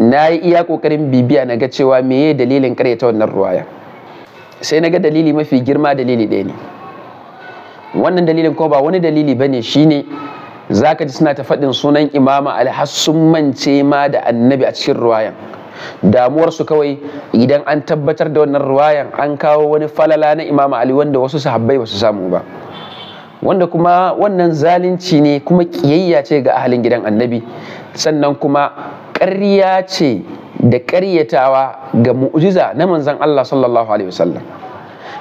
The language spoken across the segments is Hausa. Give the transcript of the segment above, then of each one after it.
na yi iya kokarin bibiya na ga cewa meye dalilin ta wannan ruwaya sai na ga dalili mafi girma dalili ɗaya ne wannan dalilin ko ba wani dalili ba ne shi ne za ka ji suna ta faɗin sunan imama alhassun mance ma da annabi a cikin ruwayan damuwarsu kawai idan an tabbatar da wannan ruwayan an kawo wani falala na imama ali wanda wasu sahabbai ba su samu ba wanda kuma wannan zalunci ne kuma kiyayya ce ga ahalin gidan annabi sannan kuma ƙarya ce da ƙaryatawa ga mu'jiza na manzon Allah sallallahu alaihi wasallam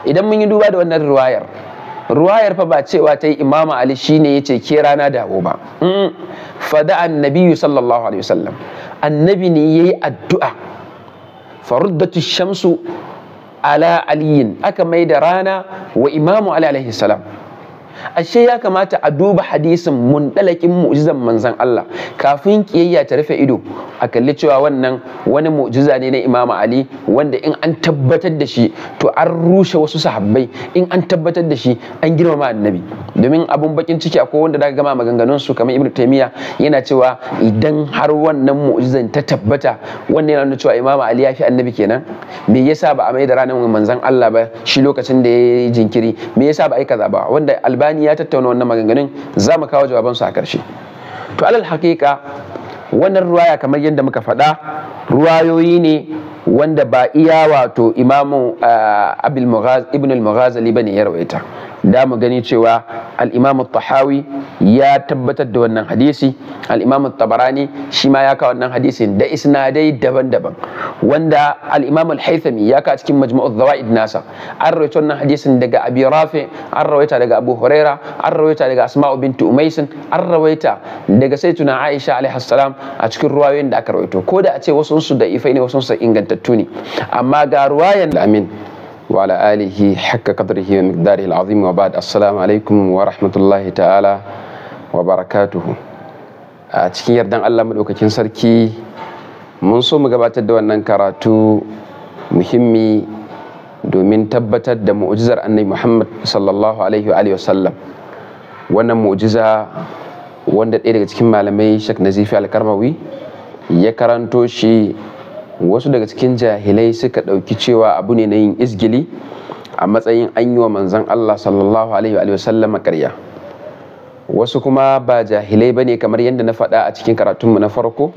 idan mun yi duba da wannan ruwayar ruwayar fa ba cewa ta yi imama ali shine ya ce ke rana dawo ba fada annabiyu sallallahu alaihi wasallam annabi ne ya yi addu'a faruddatu shamsu ala aliyin aka mai da rana wa imamu ali alaihi salam ashe ya kamata a duba hadisin mundalakin mu'jizan manzon Allah kafin kiyayya ta rufe ido a kalli cewa wannan wani mu'jiza ne na Imam Ali wanda in an tabbatar da shi to an rushe wasu sahabbai in an tabbatar da shi an girmama annabi domin abun bakin ciki akwai wanda daga gama maganganun su kamar Ibn Taymiyyah yana cewa idan har wannan mu'jizan ta tabbata wannan yana nuna cewa Imam Ali ya fi annabi kenan me yasa ba a mai da ranar manzon Allah ba shi lokacin da ya yi jinkiri me yasa ba a yi kaza ba wanda albani albani ya tattauna wannan maganganun za mu kawo jawaban su a ƙarshe to alal haƙiƙa wannan ruwaya kamar yadda muka faɗa ruwayoyi ne wanda ba iya wato imamu ah, abul ibn al-mughazali bane ya rawaita da mu gani cewa al-imam tahawi ya tabbatar da wannan hadisi al-imam tabarani shi ma ya kawo wannan hadisin da isnadai daban-daban wanda al-imam al-haythami ya ka cikin majmu'u zawaid nasa an rawaito wannan hadisin daga abi rafi an rawaita daga abu huraira an rawaita daga asma'u Bintu umaisin an rawaita daga sayyiduna aisha alaihi a cikin ruwayoyin da aka rawaito ko da a ce wasu da ifai ne wasu su ingantattu ne amma ga ruwayan amin وعلى آله حق wa ومقداره da وبعد alaikum wa ورحمة ta'ala wa وبركاته a cikin yardan Allah maɗaukakin sarki mun so mu gabatar da wannan karatu muhimmi domin tabbatar da mu'jizar annabi Muhammad sallallahu alaihi wa wasallam wannan mu'jiza wanda ɗaya daga cikin malamai shak Nazifi Al-Karmawi ya karanto shi wasu daga cikin jahilai suka ɗauki cewa abu ne na yin izgili a matsayin an yi wa manzan Allah sallallahu alaihi wa ƙarya wasu kuma ba jahilai ba ne kamar yadda na faɗa a cikin karatunmu na farko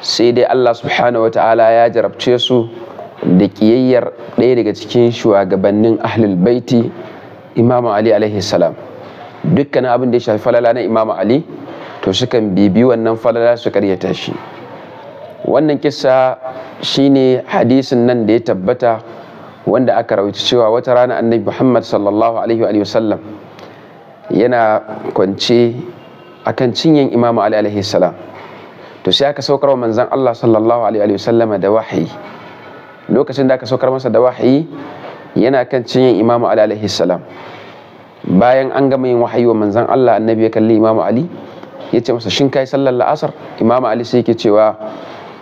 sai dai Allah subhanahu wa ta'ala ya jarabce su da ƙiyayyar ɗaya daga cikin shugabannin ahlul baiti imamu ali alaihi salam dukkanin abin da ya shafi falala na imamu ali to sukan bibi wannan falala su karyata shi wannan kisa shine hadisin nan da ya tabbata wanda aka rawaita cewa wata rana annabi muhammad sallallahu alaihi wa sallam yana kwance akan cinyen imamu ali alaihi salam to sai aka saukar wa manzan allah sallallahu alaihi wa sallama da wahayi lokacin da aka saukar masa da wahayi yana kan cinyen imamu ali alaihi salam bayan an gama yin wahayi wa manzan allah annabi ya kalli imamu ali ya ce masa shin kai sallar la'asar imamu ali sai yake cewa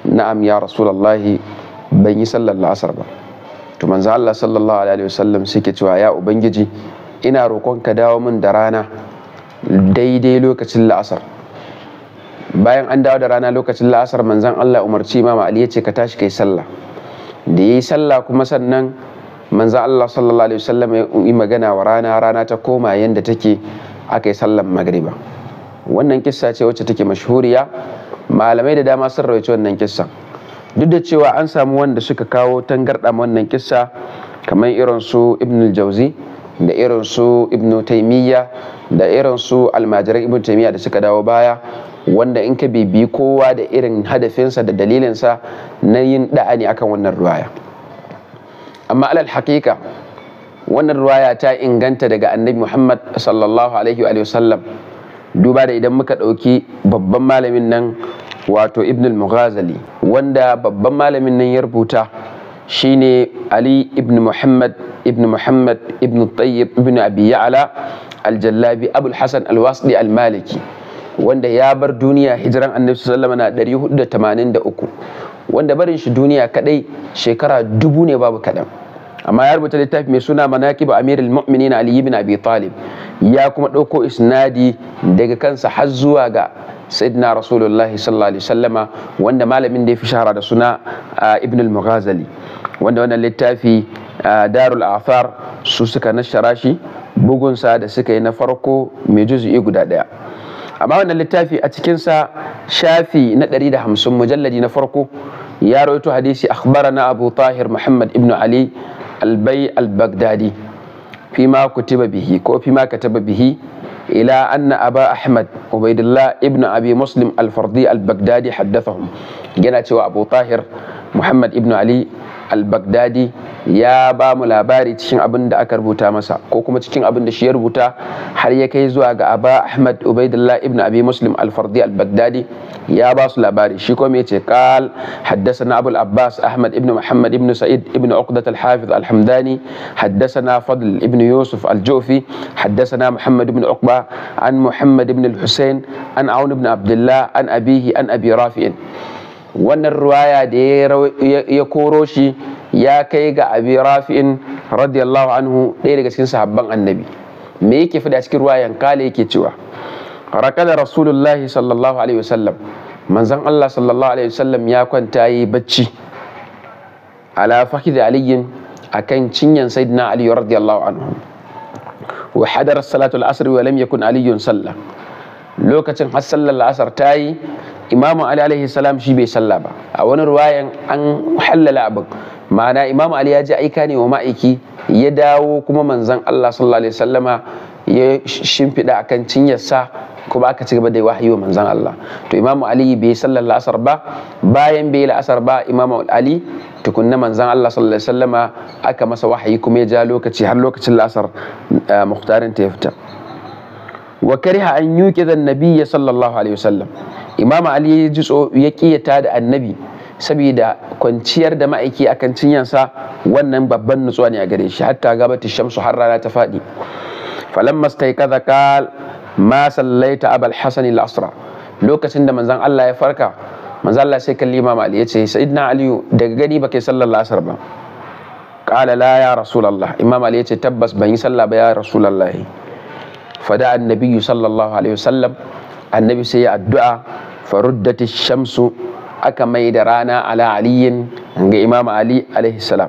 na'am ya rasulallahi ban yi sallar la'asar ba to manzo Allah sallallahu alaihi wasallam suke cewa ya ubangiji ina roƙon ka dawo min da rana daidai lokacin la'asar bayan an dawo da rana lokacin la'asar manzon Allah umarci imam Ali ya ce ka tashi kai sallah da yi sallah kuma sannan manzo Allah sallallahu alaihi wasallam ya yi magana wa rana rana ta koma yanda take akai sallar magriba wannan kissa ce wacce take mashhuriya malamai da dama sun rawaici wannan kissa duk da cewa an samu wanda suka kawo tangarɗa wannan kissa kamar irin su ibn jauzi da irin su ibn taimiyya da irin su almajiran ibn taimiyya da suka dawo baya wanda in ka bibi kowa da irin hadafinsa da dalilinsa na yin da'ani akan wannan ruwaya amma alal hakika wannan ruwaya ta inganta daga annabi muhammad sallallahu alaihi wa sallam duba da idan muka ɗauki babban malamin nan wato ibn al-mughazali wanda babban malamin nan ya rubuta shine ali ibn muhammad ibn muhammad ibn tayyib ibn abi ya'la al-jallabi abul hasan al-wasdi al-maliki wanda ya bar duniya hijiran annabi sallallahu alaihi wasallam na 483 wanda barin shi duniya kadai shekara dubu ne babu kadan amma ya rubuta littafi mai suna manaqib amirul mu'minin ali ibn abi talib ya kuma ɗauko isnadi daga kansa har zuwa ga sayyidina rasulullahi sallallahu alaihi wasallama wanda malamin da ya fi shahara da suna ibn al-mughazali wanda wannan littafi darul afar su suka nashara shi bugunsa da suka yi na farko mai juzu'i guda ɗaya amma wannan littafi a cikinsa shafi na da 150 mujalladi na farko ya rawaito hadisi akhbarana abu tahir muhammad ibn ali albai al-baghdadi fi ma kutiba bihi ko fi ma kataba bihi ila anna aba ahmad ubaidullah ibn abi muslim al-fardi al-baghdadi haddathahum yana cewa abu tahir muhammad ibn ali al-baghdadi ya ba mu labari cikin abin da aka rubuta masa ko kuma cikin abin da shi ya rubuta har ya kai zuwa ga aba ahmad ubaidullah ibn abi muslim al-fardi al-baghdadi ya ba su labari shi kuma yace qal haddathana abul abbas ahmad ibn muhammad ibn sa'id ibn uqdat al-hafiz al-hamdani haddathana fadl ibn yusuf al-jufi haddathana muhammad ibn uqba an muhammad ibn al-husayn an aun ibn abdullah an abihi an abi rafi'in wannan ruwaya da ya koro shi ya kai ga abi rafi'in radiyallahu anhu ɗaya daga cikin sahabban annabi me yake fada cikin ruwayan kale yake cewa rakada rasulullahi sallallahu alaihi wasallam manzon Allah sallallahu alaihi wasallam ya kwanta yi bacci ala fakid aliyin akan cinyan sayyidina ali radiyallahu anhu wa hadara salatu al-asr wa lam yakun ali sallah. lokacin har sallar al-asr tayi imamu ali alaihi salam shi bai salla ba a wani ruwayan an halala abin ma'ana imamu ali ya ji aika ne wa ma'aiki ya dawo kuma manzan Allah sallallahu alaihi -sallama ya shimfiɗa kan cinyarsa kuma aka ci gaba da wahayi wa manzan Allah to imamu ali bai sallar la'asar ba bayan bai la'asar ba imamu ali tukunna manzan Allah sallallahu alaihi wasallama aka masa wahayi kuma ya ja lokaci har lokacin la'asar eh, muhtarin ta ya fita wa kariha an yuqidha an-nabiyya sallallahu alaihi wasallam imam ali ya ji tso ya kiyata da annabi saboda kwanciyar da ma'aiki akan sa. wannan babban nutsuwa ne a gare shi hatta gabata shamsu har rana ta faɗi falamma kaza kal ma sallaita abal hasan al asra lokacin da manzon Allah ya farka manzon Allah sai kalli imam ali yace sayyidina ali daga gani ba kai sallar asar ba qala la ya rasulullah imam ali yace tabbas ban yi sallah ba ya rasulullah fada annabi sallallahu alaihi wasallam annabi sai ya addu'a faruddati shamsu aka mai da rana ala aliyin ga imam ali alaihi salam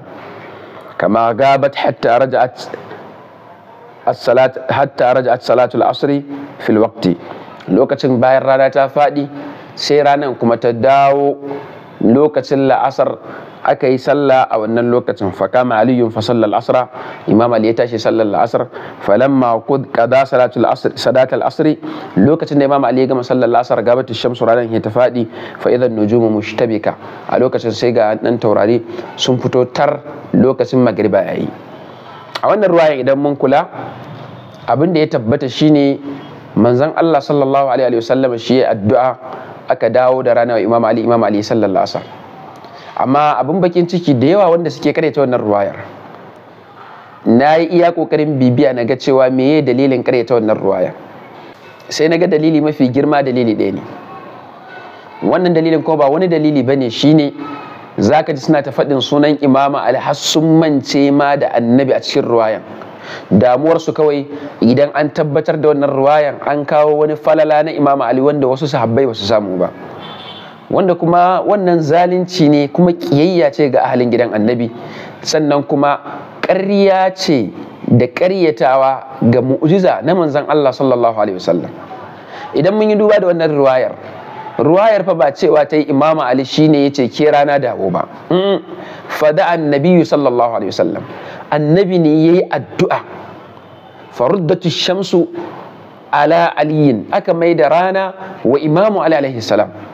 kama gabat hatta raja'at as hatta raja'at salatul asri fil waqti lokacin bayan rana ta faɗi sai ranan kuma ta dawo lokacin la'asar aka yi sallah a wannan lokacin fakama aliyun fa sallal al'asra imam ali ya tashi sallar al'asra falamma ma salatul asr sadatul asr lokacin da imam ali ya gama sallar gaba ta shamsu ranar ya ta fadi fa idan nujumu mushtabika a lokacin sai ga dan taurari sun fito tar lokacin magriba yayi a wannan ruwaya idan mun kula abin da ya tabbata shine manzon Allah sallallahu alaihi wasallam shi ya addu'a aka dawo da ranar imam ali imam ali sallallahu alaihi wasallam amma abin bakin ciki da yawa wanda suke karyata wannan ruwayar na yi iya kokarin bibiya na ga cewa meye dalilin karyata wannan ruwayar sai na ga dalili mafi girma dalili ɗaya ne wannan dalilin ko ba wani dalili ba ne shine ka ji suna ta faɗin sunan imama alhassun mance ma da annabi a cikin ruwayan damuwarsu kawai idan an tabbatar da wannan ruwayan an kawo wani falala na imama ali wanda wasu sahabbai ba su samu ba wanda kuma wannan zalunci ne kuma ƙiyayya ce ga ahalin gidan annabi sannan kuma ƙarya ce da ƙaryatawa ga mu'jiza na manzon Allah sallallahu alaihi wasallam idan mun yi duba da wannan ruwayar ruwayar fa ba cewa ta yi imama ali shine ya ce ke rana dawo ba fada annabiyu sallallahu alaihi wasallam annabi ne ya yi addu'a faruddatu shamsu ala aliyin aka mai da rana wa imamu ali alaihi salam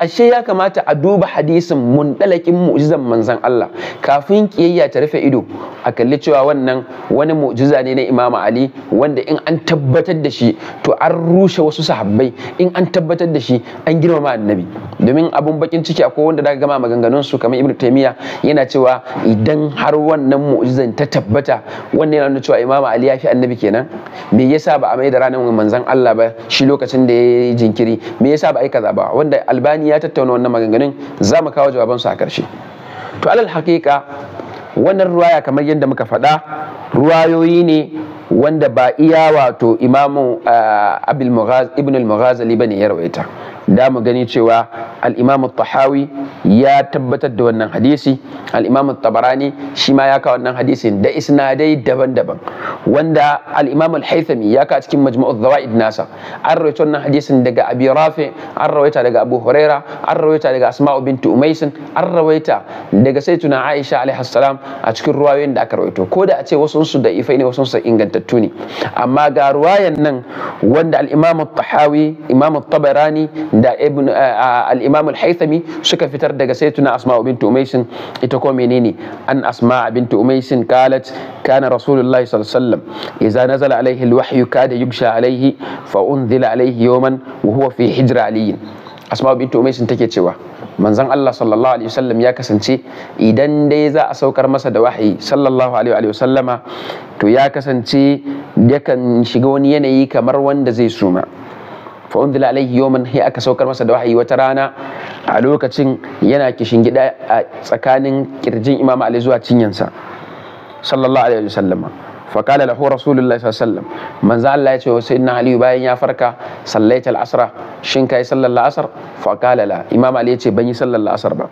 ashe ya kamata a duba hadisin mundalakin mu'jizan manzan Allah kafin kiyayya ta rufe ido a kalli cewa wannan wani mu'jiza ne na Imam Ali wanda in an tabbatar da shi to an rushe wasu sahabbai in an tabbatar da shi an girmama annabi domin abun bakin ciki akwai wanda daga gama maganganun su kamar Ibn Taymiyyah yana cewa idan har wannan mu'jizan ta tabbata wannan yana nuna cewa Imam Ali ya fi annabi kenan me yasa ba a mai da ranar manzan Allah ba shi lokacin da ya yi jinkiri me yasa ba a yi kaza ba wanda albani ya tattauna wannan maganganun za mu kawo jawaban su a ƙarshe to alal haƙiƙa wannan ruwaya kamar yadda muka faɗa ruwayoyi ne wanda ba iya wato imamu ah, abul ibn al-mughazali bane ya rawaita da mu gani cewa al-imam tahawi ya tabbatar da wannan hadisi al-imam tabarani shi ma ya kawo wannan hadisin da isnadai daban-daban wanda al-imam al-haythami ya kawo cikin majmu'u zawaid nasa an rawaito wannan hadisin daga abi rafi an rawaita daga abu huraira an rawaita daga asma'u bintu umaisin an rawaita daga sayyiduna aisha alaihi salam a cikin ruwayoyin da aka rawaito ko da a ce wasu su da ifai ne wasu su ingantattu ne amma ga ruwayan nan wanda al-imam tahawi imam tabarani da ibn eh, al-imam al-haythami suka fitar daga sayyiduna asma bint umays ita ko menene an asma bint umays qalat kana rasulullahi sallallahu alaihi wasallam idza nazala alaihi al-wahyu kada yubsha alaihi fa unzila alaihi yawman wa huwa fi hijra aliyin asma bint umays take cewa manzon Allah sallallahu alaihi wasallam ya kasance idan dai za a saukar masa da wahayi sallallahu alaihi wasallama to ya kasance yakan shiga wani yanayi kamar wanda zai suma fa undila alaihi yawman sai aka saukar masa da wahayi wata rana a lokacin yana kishin gida a tsakanin kirjin Imam ali zuwa cinyansa sallallahu alaihi wasallam fa qala lahu rasulullahi sallallahu alaihi wasallam manzo Allah ya ce wa sayyidina ali bayan ya farka sallaita al-asra shin kai sallar al-asr fa qala la imamu ali ya ce ban yi sallar al-asr ba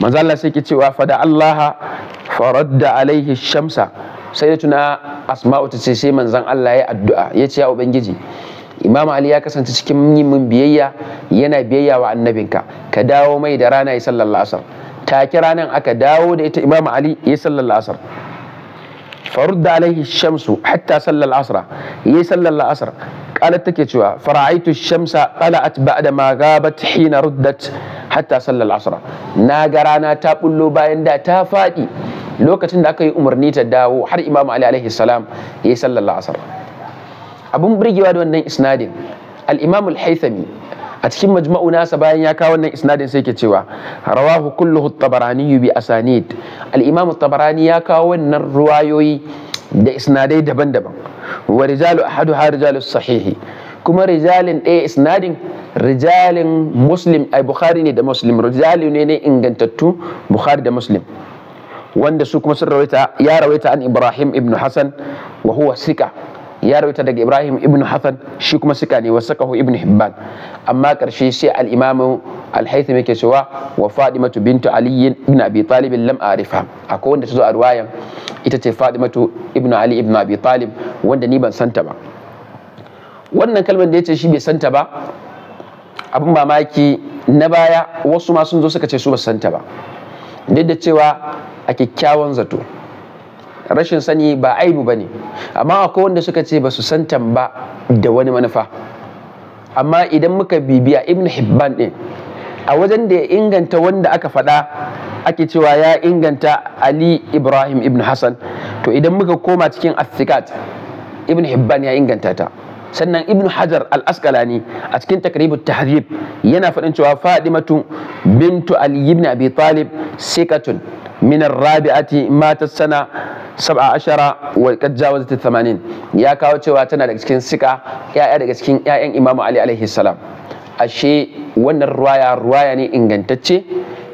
manzo Allah sai ke cewa fa da Allah faradda alaihi shamsa sai da tuna asma'u ta ce sai manzon Allah ya yi addu'a ya ce ya ubangiji imam ali ya kasance cikin yin biyayya yana biyayya wa annabinka ka dawo mai da rana ya sallallahu asar take ranar aka dawo da ita imam ali ya sallallahu asar farudda alaihi shamsu hatta sallal asra ya sallar la'asar qalat take cewa fara'aitu shamsa qala'at ba'da ma gabat hina ruddat hatta sallal asra na ga rana ta bullo bayan da ta faɗi lokacin da aka yi umarni ta dawo har imam ali alaihi salam ya sallallahu asr abun burgewa da wannan isnadin al-imam al-haythami a cikin majma'u nasa bayan ya kawo wannan isnadin sai ke cewa rawahu kulluhu tabarani bi asanid al-imam tabarani ya kawo wannan ruwayoyi da isnadai daban-daban wa rijalu ahadu ha rijalu sahihi kuma rijalin ɗaya isnadin rijalin muslim ai bukhari ne da muslim rijali ne ne ingantattu bukhari da muslim wanda su kuma sun rawaita ya rawaita an ibrahim ibn Hassan wa huwa sika ya rawaita daga Ibrahim ibn Hassan, shi kuma suka ne wa sakahu ibn Hibban amma karshe sai al-Imam al-Haytham yake cewa wa Fadimatu bintu Ali ibn Abi Talib lam arifa akwai wanda ta zo a ruwayan ita ce Fadimatu ibn Ali ibn Abi Talib wanda ni ban santa ba wannan kalmar da ce shi bai santa ba abin mamaki na baya wasu ma sun zo suka ce su ba santa ba duk a kyakkyawan zato rashin sani ba aibu ba ne amma akwai wanda suka ce ba su san tamba da wani manufa amma idan muka bibiya ibn hibban ɗin a wajen da ya inganta wanda aka faɗa ake cewa ya inganta ali ibrahim ibn hassan to idan muka koma cikin athikat ibn hibban ya inganta ta sannan ibn hajar al-asqalani a cikin takribut tahrib yana faɗin cewa fadimatu bintu ali ibn abi talib sikatun min rabiati matat sana 17 wa qad jawazat ya kawo cewa tana daga cikin sika ya'ya daga cikin ya'yan imam ali alaihi salam ashe wannan ruwaya ruwaya ne ingantacce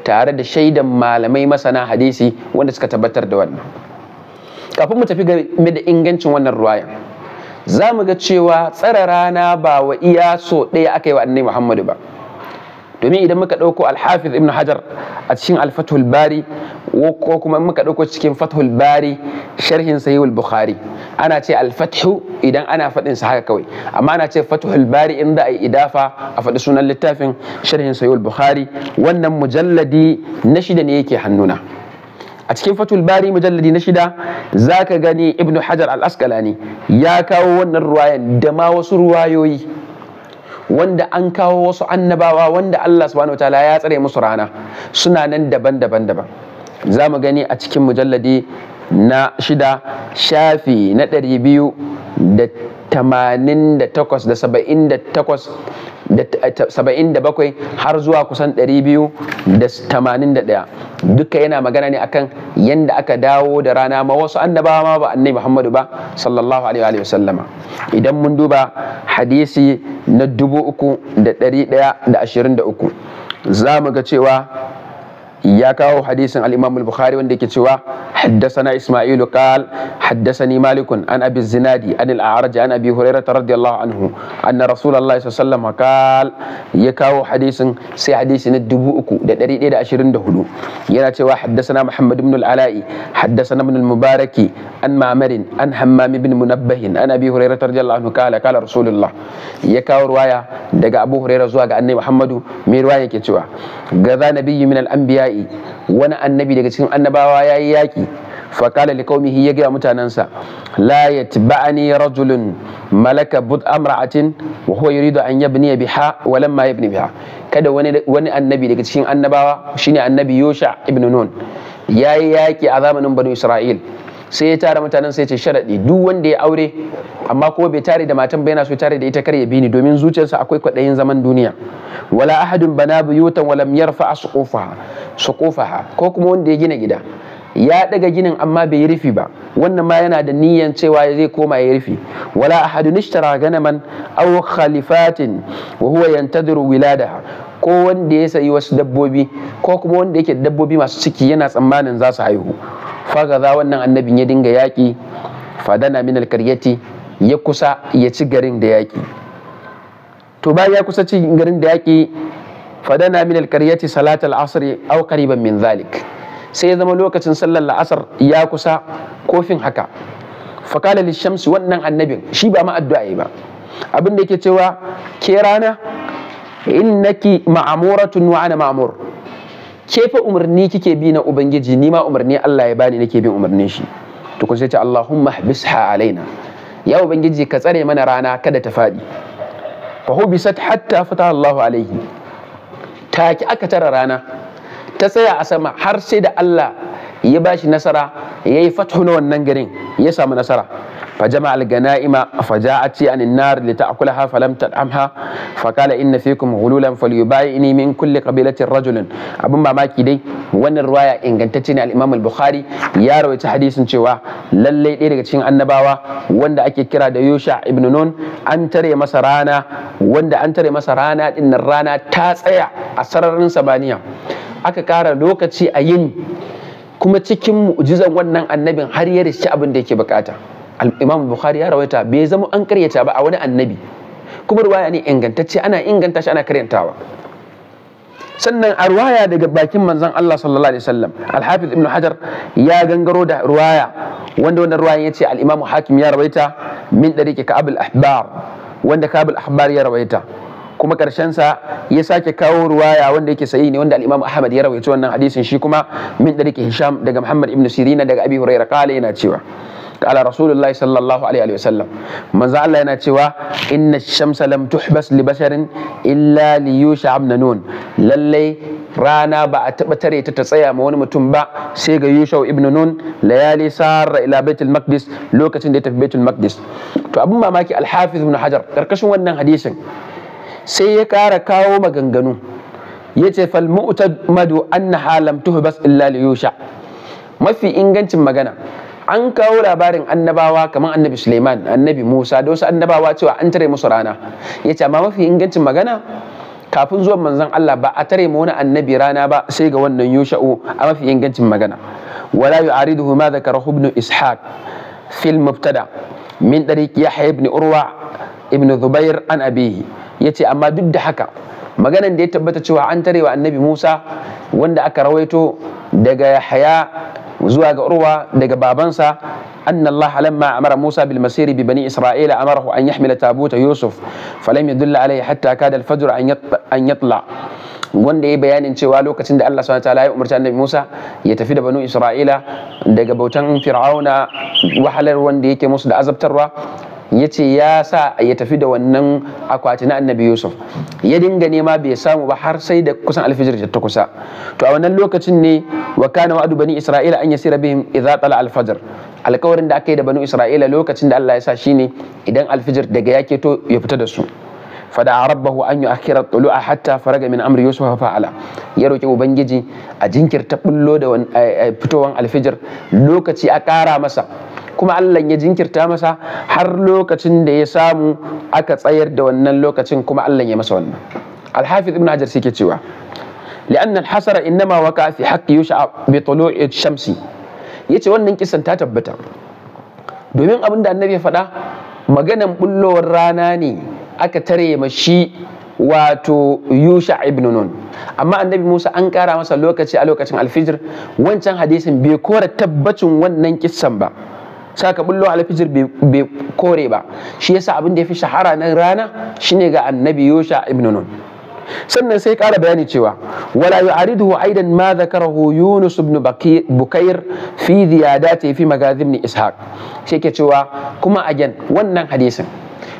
tare da shaidan malamai masana hadisi wanda suka tabbatar da wannan kafin mu tafi game da ingancin wannan ruwayan za mu ga cewa tsara rana ba wa iya so ɗaya aka yi wa annai muhammadu ba domin idan muka ɗauko alhafiz ibn hajar a cikin alfathul bari ko kuma muka ɗauko cikin fathul bari sharhin sahihul bukhari ana ce alfathu idan ana faɗin sa haka kawai amma ana ce fathul bari in a yi idafa a faɗi sunan littafin sharhin sahihul bukhari wannan mujalladi na shida ne yake hannuna a cikin fatul bari mujalladi na shida za ka gani Ibn hajar al-asqalani ya kawo wannan ruwayan da ma wasu ruwayoyi wanda an kawo wasu annabawa wanda Allah subhanahu ta'ala ya tsare musu rana suna nan daban-daban daban za mu gani a cikin mujalladi na shida shafi na ɗari biyu da tamanin da takwas da saba'in da takwas da eh, har zuwa kusan ɗari biyu da tamanin duka yana magana ne akan yadda aka dawo da rana ma wasu annabawa ma ba annai Muhammadu ba sallallahu alaihi wa sallama idan mun duba hadisi na dubu uku da ɗari ɗaya da ashirin da za mu ga cewa ya kawo hadisin al-Imam al-Bukhari wanda yake cewa haddathana Isma'ilu qal haddathani Malik an Abi Zinadi an al-A'raj an Abi Hurairah radiyallahu anhu anna Rasulullahi sallallahu alaihi wasallam ya kawo hadisin sai hadisi na 3124 yana cewa haddathana Muhammad ibn al-Ala'i haddathana ibn al-Mubarak an Ma'mar an Hammam ibn Munabbah an Abi Hurairah radiyallahu anhu qala qala Rasulullah ya kawo riwaya daga Abu Hurairah zuwa ga Annabi Muhammadu mai riwaya yake cewa gaza nabiyyi min al-anbiya wani annabi daga cikin annabawa ya yi yaƙi fakala li qaumihi ya gaya mutanensa la yatba'ani rajulun malaka bud amra'atin wa huwa yuridu an yabniya biha wa lamma yabni biha kada wani wani annabi daga cikin annabawa shine annabi yosha ibn nun yayi yaƙi a zamanin banu isra'il sai ya tara mutanen sai ce sharaɗi duk wanda ya aure amma ko bai tare da matan bai yana so tare da ita kar ya bi ni domin zuciyarsa akwai kwaɗayin zaman duniya wala ahadun bana buyutan walam yarfa suqufaha suqufaha ko kuma wanda ya gina gida ya daga ginin amma bai yi rufi ba wannan ma yana da niyyan cewa zai koma ya rufi wala ahadun ishtara ganaman aw khalifatin wa huwa yantadiru wiladaha ko wanda ya sayi wasu dabbobi ko kuma wanda yake dabbobi masu ciki yana tsammanin za su haihu za wannan annabin ya dinga yaƙi fadana min alkaryati ya kusa ya ci garin da yaƙi to bayan ya kusa ci garin da yaƙi fadana min alkaryati salatal asr aw qariban min zalik sai ya zama lokacin sallar la'asar ya kusa kofin haka fakala Shamsi wannan annabin shi ba ma addu'a ba abin da yake cewa ke rana innaki ma'amuratun wa ana ma'amur ke fa umarni kike bi na ubangiji ni ma umarni Allah ya bani nake bin umarnin shi to kun sai ce Allahumma habisha alaina ya ubangiji ka tsare mana rana kada ta fadi fa hubisat hatta fata Allahu alaihi take aka tara rana ta tsaya a sama har sai da Allah ya ba shi nasara ya yi fathu na wannan garin ya samu nasara fa jama al ganaima fa ja'ati an an-nar li ta'kulaha fa lam tad'amha fa qala inna fikum ghululan falyubayini min kulli qabilatin rajulin. abun mamaki dai wannan riwaya ingantacce ne al-Imam al-Bukhari ya rawaita hadisin cewa lallai ɗaya daga cikin annabawa wanda ake kira da Yusha ibn Nun an tare masa rana wanda an tare masa rana ɗinnan rana ta tsaya a sararin samaniya aka kara lokaci a yin kuma cikin mu'jizan wannan annabin har ya rishi abin da yake bukata imam bukhari ya rawaita bai zama an karyata ba a wani annabi kuma ruwaya ne ingantacce ana inganta shi ana karyantawa sannan a ruwaya daga bakin manzon Allah sallallahu alaihi wasallam al ibn hajar ya gangaro da ruwaya wanda wannan ruwayan yace al-imam hakim ya rawaita min dariqi ka'ab al-ahbar wanda ka'ab al-ahbar ya rawaita kuma karshen sa ya sake kawo ruwaya wanda yake sahihi ne wanda al-Imam Ahmad ya rawaito wannan hadisin shi kuma min dariki Hisham daga Muhammad ibn Sirina daga Abi Hurairah kala yana cewa kala Rasulullahi sallallahu alaihi wa sallam manzo Allah yana cewa inna shamsa lam tuhbas li basharin illa li yusha ibn nun lalle rana ba a taɓa tare ta tsaya ma wani mutum ba sai ga yushau ibn nun layali sarra ila baitul maqdis lokacin da ya tafi baitul maqdis to abin mamaki hafiz ibn hajar karkashin wannan hadisin sai ya ƙara kawo maganganu ya ce Madu, anna halam bas illa li yusha mafi ingancin magana an kawo labarin annabawa kamar annabi Suleiman annabi Musa da wasu annabawa cewa an tare musu rana ya ce amma mafi ingancin magana kafin zuwan manzon Allah ba a tare mu wani annabi rana ba sai ga wannan yusha'u a mafi ingancin magana wala yu'ariduhu ma dhakara ibn ishaq fil mubtada min dariq yahya ibn urwa ibn zubair an abihi ya ce amma duk da haka maganan da ya tabbata cewa an wa annabi musa wanda aka rawaito daga yahaya zuwa ga urwa daga babansa أن الله لما أمر موسى بالمسير ببني إسرائيل أمره buta Yusuf تابوت ya فلم يدل عليه حتى كاد الفجر أن أن يطلع wanda ya bayanin cewa lokacin da Allah subhanahu wataala ya umarci annabi Musa ya tafi da banu Isra'ila daga bautan Fir'auna wahalar wanda yake musu da azabtarwa ya ce ya sa ya tafi da wannan akwati na annabi yusuf ya dinga nema bai samu ba har sai da kusan alfijir ta kusa to a wannan lokacin ne wa kana wa'adu bani isra'ila an yasira bihim idza tala alfajr alkawarin da aka yi da bani isra'ila lokacin da Allah ya sa shi ne idan alfijir daga yake to ya fita da su fada rabbahu an yi tulu'a hatta faraga min amri yusuf fa'ala ya roki ubangiji a jinkirta bullo da eh, eh, fitowan alfijir lokaci a kara masa kuma Allah ya jinkirta masa har lokacin da ya samu aka tsayar da wannan lokacin kuma Allah ya masa wannan alhafiz ibn hajar sai ke cewa li'anna al-hasara innama waqa fi haqqi yusha bi tulu'i shamsi yace wannan kisan ta tabbata domin abin da annabi ya faɗa maganan bullowar rana ne aka tare ma shi, wato yusha ibn nun amma annabi musa an kara masa lokaci a lokacin alfijir wancan hadisin bai kora tabbacin wannan kisan ba saka bullo alfijir bai kore ba shi yasa abin da ya fi shahara na rana shine ga annabi yosha ibn nun sannan sai kara bayani cewa wala yu'ariduhu aidan ma zakarahu yunus ibn bukair fi ziyadati fi magazin ishaq shi ke cewa kuma again wannan hadisin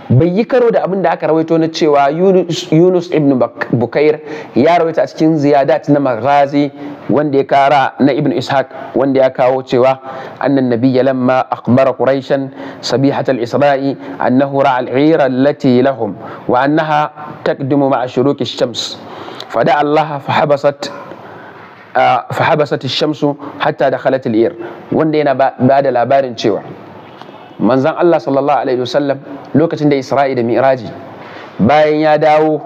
bai yi karo da abin da aka rawaito na cewa yunus ibn bukair ya rawaita a cikin ziyadat na maghazi wanda ya kara na ibn ishaq wanda ya kawo cewa annan nabiyya lamma akhbara quraishan sabihat al-isra'i annahu ra'a al-'ira allati lahum wa annaha taqdimu ma'a shuruqi shams fada allaha fahabasat ah, fahabasat ash-shamsu hatta dakhalat al-'ir wanda yana ba da labarin cewa manzon Allah sallallahu alaihi wasallam lokacin da Isra'i da Mi'raji bayan ya dawo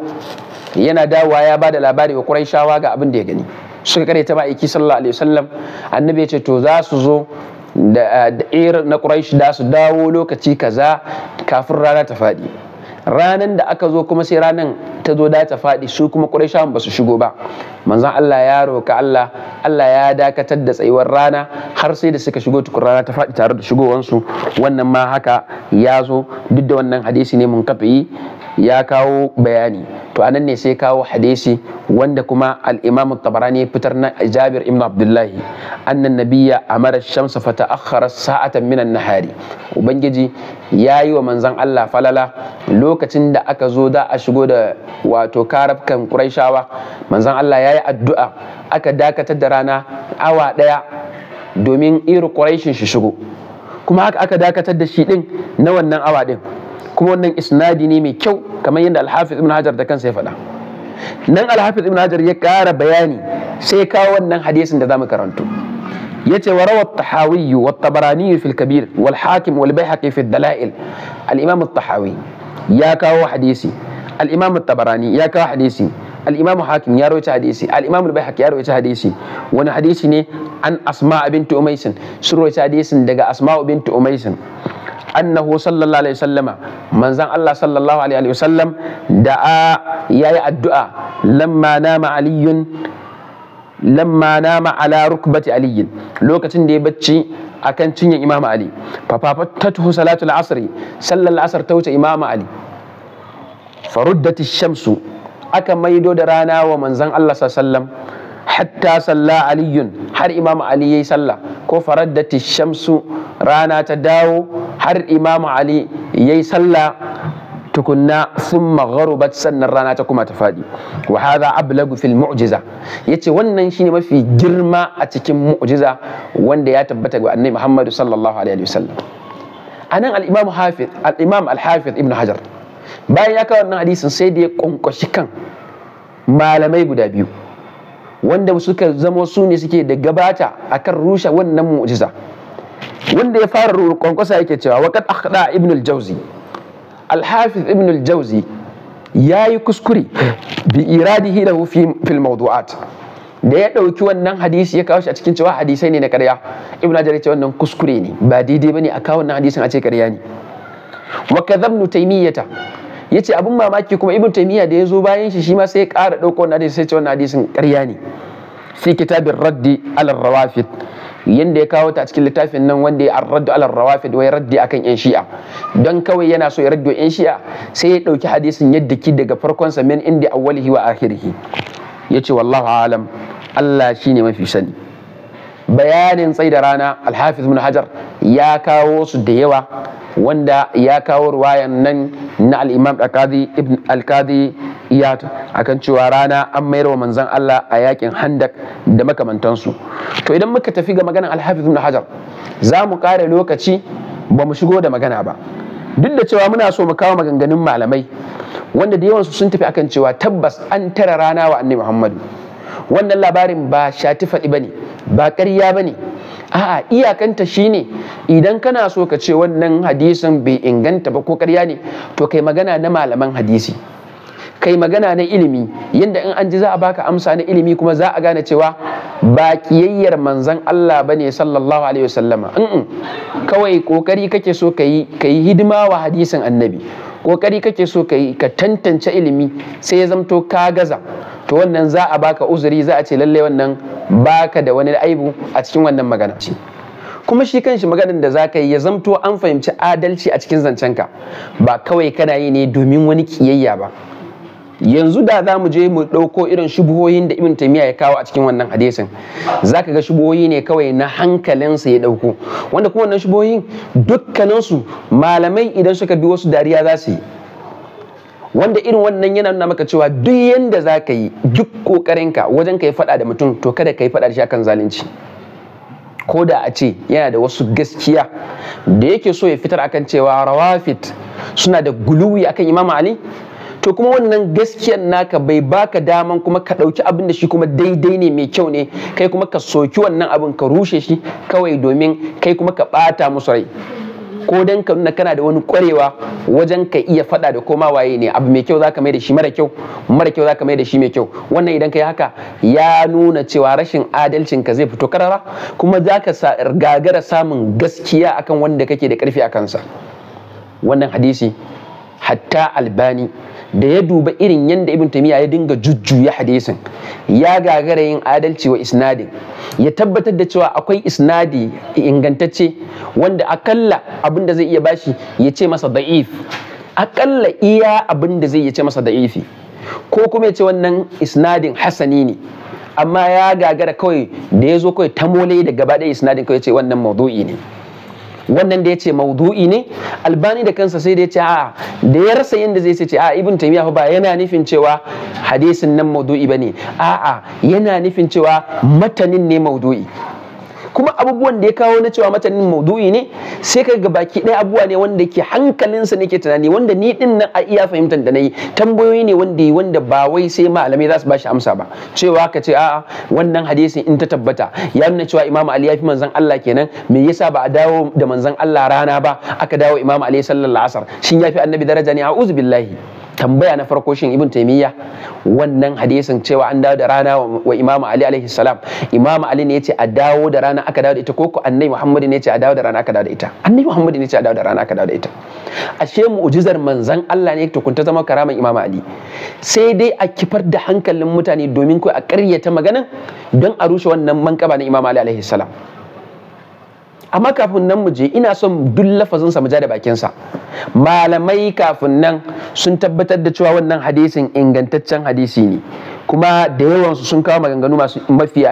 yana dawowa ya ba da labari wa shawa ga abin da ya gani suka kare ta ma'aiki sallallahu alaihi wasallam annabi ya ce to za su zo da ir na shi da su dawo lokaci kaza kafin rana ta faɗi ranan da aka zo kuma sai ranan ta zo da ta faɗi su kuma ƙurayshawan ba su shigo ba manzon Allah ya roka Allah Allah ya dakatar da tsayuwar rana har sai da suka shigo tukun rana ta faɗi tare da shigowansu wannan ma haka ya zo duk da wannan hadisi ne mun kafa yi. ya kawo bayani to anan ne sai kawo hadisi wanda kuma al-imam tabarani ya fitar na jabir ibn abdullahi annan nabiyya amara shamsa fa ta'akhkhara sa'atan min an-nahari ubangiji yayi wa manzon Allah falala lokacin da aka zo da a shigo da wato karabkan quraishawa manzon Allah yayi addu'a aka dakatar da rana awa daya domin irin quraishin shi shigo kuma haka aka dakatar da shi din na wannan awa din kuma wannan isnadi ne mai kyau kamar yadda alhafiz ibn hajar da kansa ya faɗa nan alhafiz ibn hajar ya ƙara bayani sai kawo wannan hadisin da zamu karanto yace wa rawat tahawi wa tabarani fi kabir wal hakim wal bayhaqi fi dalail al imam tahawi ya kawo hadisi al imam tabarani ya kawo hadisi al imam hakim ya rawaita hadisi al imam al baihaqi ya rawaita hadisi wani hadisi ne an asma bint umaysin sun rawaita hadisin daga asma bint umaysin annahu sallallahu alaihi wasallama manzan Allah sallallahu alaihi wasallam da'a yayi addu'a lamma nama aliyun lamma nama ala rukbati aliyin lokacin da ya bacci akan cinyan imamu ali fafatatuhu salatul asri sallar asar ta wuce imamu ali faruddati shamsu aka maido da rana wa manzan Allah sallallahu hatta salla aliyun har imamu ali ya yi sallah ko faraddati shamsu rana ta dawo har imamu ali ya yi sallah tukunna sun magharubat sannan rana ta kuma ta faɗi wa hadha ablagu fil mu'jiza yace wannan shine mafi girma a cikin mu'jiza wanda ya tabbata ga annabi Muhammad sallallahu alaihi wasallam anan al-imam hafiz al ibn hajar bayan ya kawo wannan hadisin sai da ya kunkushi kan malamai guda biyu wanda suka zama su ne suke da gabata akan rushe wannan mu'jiza wanda ya fara kwankwasa yake cewa wakar akhda ibn al-jawzi al-hafiz ibn al-jawzi yayi kuskure bi iradihi lahu fi fil mawdu'at da ya dauki wannan hadisi ya kawo shi a cikin cewa hadisai ne na ƙarya ibn jawzi ya ce wannan kuskure ne ba daidai bane a kawo wannan hadisin a ce ƙarya ne wa kadhabnu taymiyata yace abin mamaki kuma ibn taymiya da ya zo bayan shi shi ma sai ya kara dauko wannan hadisi sai ce wannan hadisin ƙarya ne fi kitabin raddi ala yanda ya kawo ta a cikin littafin nan wanda ya raddu alar rawafid wai raddi akan yan shi'a don kawai yana so ya raddo yan shi'a sai ya dauki hadisin yadda ki daga farkon sa min inda awwalihi wa akhirihi yace wallahu alam Allah shine mafi sani bayanin tsai da rana alhafiz ibn hajar ya kawo su da yawa wanda ya kawo ruwayan nan na al-imam ibn al-qadi akan cewa rana an mayar wa manzan Allah a yakin handak da makamantansu to idan muka tafi ga maganar alhafiz ibn hajar za mu kare lokaci ba mu shigo da magana ba duk da cewa muna so mu kawo maganganun malamai wanda da yawansu sun tafi akan cewa tabbas an tara rana wa annabi muhammadu wannan labarin ba shati faɗi ba ne ba ƙarya ba ne a'a iyakanta shine idan kana so ka ce wannan hadisin bai inganta ba ko ƙarya ne to kai magana na malaman hadisi kai magana na ilimi yadda in an ji za a baka amsa na ilimi kuma za a gane cewa ba kiyayyar manzan Allah ba ne sallallahu alaihi wasallama kawai kokari kake so ka yi hidima wa hadisin annabi kokari kake so ka yi ka tantance ilimi sai ya zamto ka gaza to wannan za a baka uzuri za a ce lalle wannan baka da wani aibu a cikin wannan magana ce kuma shi kanshi maganar da za ka yi ya zamto an fahimci adalci a cikin zancenka ba kawai kana yi ne domin wani kiyayya ba yanzu da za mu je mu ɗauko irin shubuhoyin da ibn taimiyya ya kawo a cikin wannan hadisin za ka ga shubuhoyi ne kawai na hankalinsa ya ɗauko wanda kuma wannan shubuhoyin dukkaninsu malamai idan suka bi wasu dariya za su yi wanda irin wannan yana nuna maka cewa duk yanda za ka yi duk ƙoƙarinka wajen ka yi faɗa da mutum to kada ka yi faɗa da shi akan zalunci ko da a ce yana da wasu gaskiya da yake so ya fitar akan cewa rawafit suna da guluwi akan imam ali to kuma wannan gaskiyan naka bai baka daman kuma ka ɗauki abin da shi kuma daidai ne mai kyau ne kai kuma ka soki wannan abin ka rushe shi kawai domin kai kuma ka ɓata musu rai ko dan ka nuna kana da wani kwarewa wajen ka iya faɗa da koma waye ne abu mai kyau za ka mai da shi mara kyau mara kyau za ka mai da shi mai kyau wannan idan ka yi haka ya nuna cewa rashin adalcin ka zai fito karara kuma za ka gagara samun gaskiya akan wanda kake da karfi a kansa wannan hadisi hatta albani da ya duba irin yadda ibn tamiya ya dinga jujjuya hadisin ya gagara yin adalci wa isnadin ya tabbatar da cewa akwai isnadi ingantacce wanda akalla abin da zai iya bashi ya ce masa da'if akalla iya abin zai iya ce masa da'ifi ko kuma ya ce wannan isnadin Hassani ne amma ya gagara kawai da ya zo kawai tamole da gaba ɗaya isnadin kawai ya ce wannan maudu'i ne wannan da ya ce maudu'i ne albani da kansa sai da ya ce a da ya rasa yadda zai ce a ibn taymiya ba yana nufin cewa hadisin nan maudu'i bane a'a yana nufin cewa matanin ne maudu'i kuma abubuwan da ya kawo na cewa mata matanin maudu'i ne sai ka ga baki ɗaya abubuwa ne wanda ke hankalinsa ne ke tunani wanda ni din nan a iya fahimtar da na yi tambayoyi ne wanda yi wanda ba wai sai malamai za su ba amsa ba cewa ka ce a'a wannan hadisin in ta tabbata ya nuna cewa imam ali ya fi manzon Allah kenan me yasa ba a dawo da manzon Allah rana ba aka dawo imam ali sallallahu alaihi wasallam shin ya fi annabi daraja ne a'udhu billahi tambaya na farko shin ibn taimiyya wannan hadisin cewa an dawo da rana wa imamu ali alaihi salam imamu ali ne yace a dawo da rana aka dawo da ita koko annabi muhammadu ne yace a dawo da rana aka dawo da ita annabi muhammadu ne yace a dawo da rana aka dawo da ita ashe mu'jizar manzan Allah ne tukunta zama karaman imamu ali sai dai a kifar da hankalin mutane domin ko a ƙaryata maganan don a rushe wannan mankaba na imamu ali alaihi salam amma kafin nan mu je ina son duk lafazinsa mu ja da bakin sa malamai kafin nan sun tabbatar da cewa wannan hadisin ingantaccen hadisi ne kuma da yawansu sun kawo maganganu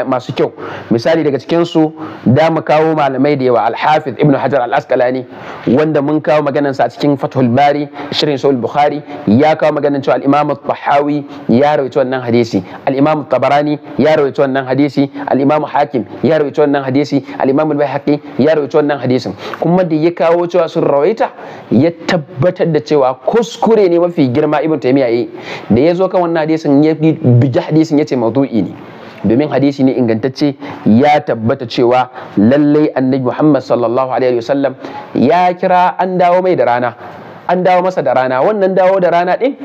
masu kyau misali daga cikinsu da mu kawo malamai da yawa alhafiz ibn hajar al-asqalani wanda mun kawo maganansa a cikin fathul bari shirin sahih bukhari ya kawo maganan cewa al-imam tahawi ya rawaito wannan hadisi al-imam tabarani ya rawaito wannan hadisi al-imam hakim ya rawaito wannan hadisi al-imam al-baihaqi ya rawaito wannan hadisin kuma da ya kawo cewa sun rawaita ya tabbatar da cewa kuskure ne mafi girma ibn taymiya yi da ya zo kan wannan hadisin ya bi ja hadisin ce maudu'i ne domin hadisi ne ingantacce ya tabbata cewa lallai annabi Muhammad sallallahu alaihi wasallam ya kira an dawo mai da rana an dawo masa da rana wannan dawo da rana din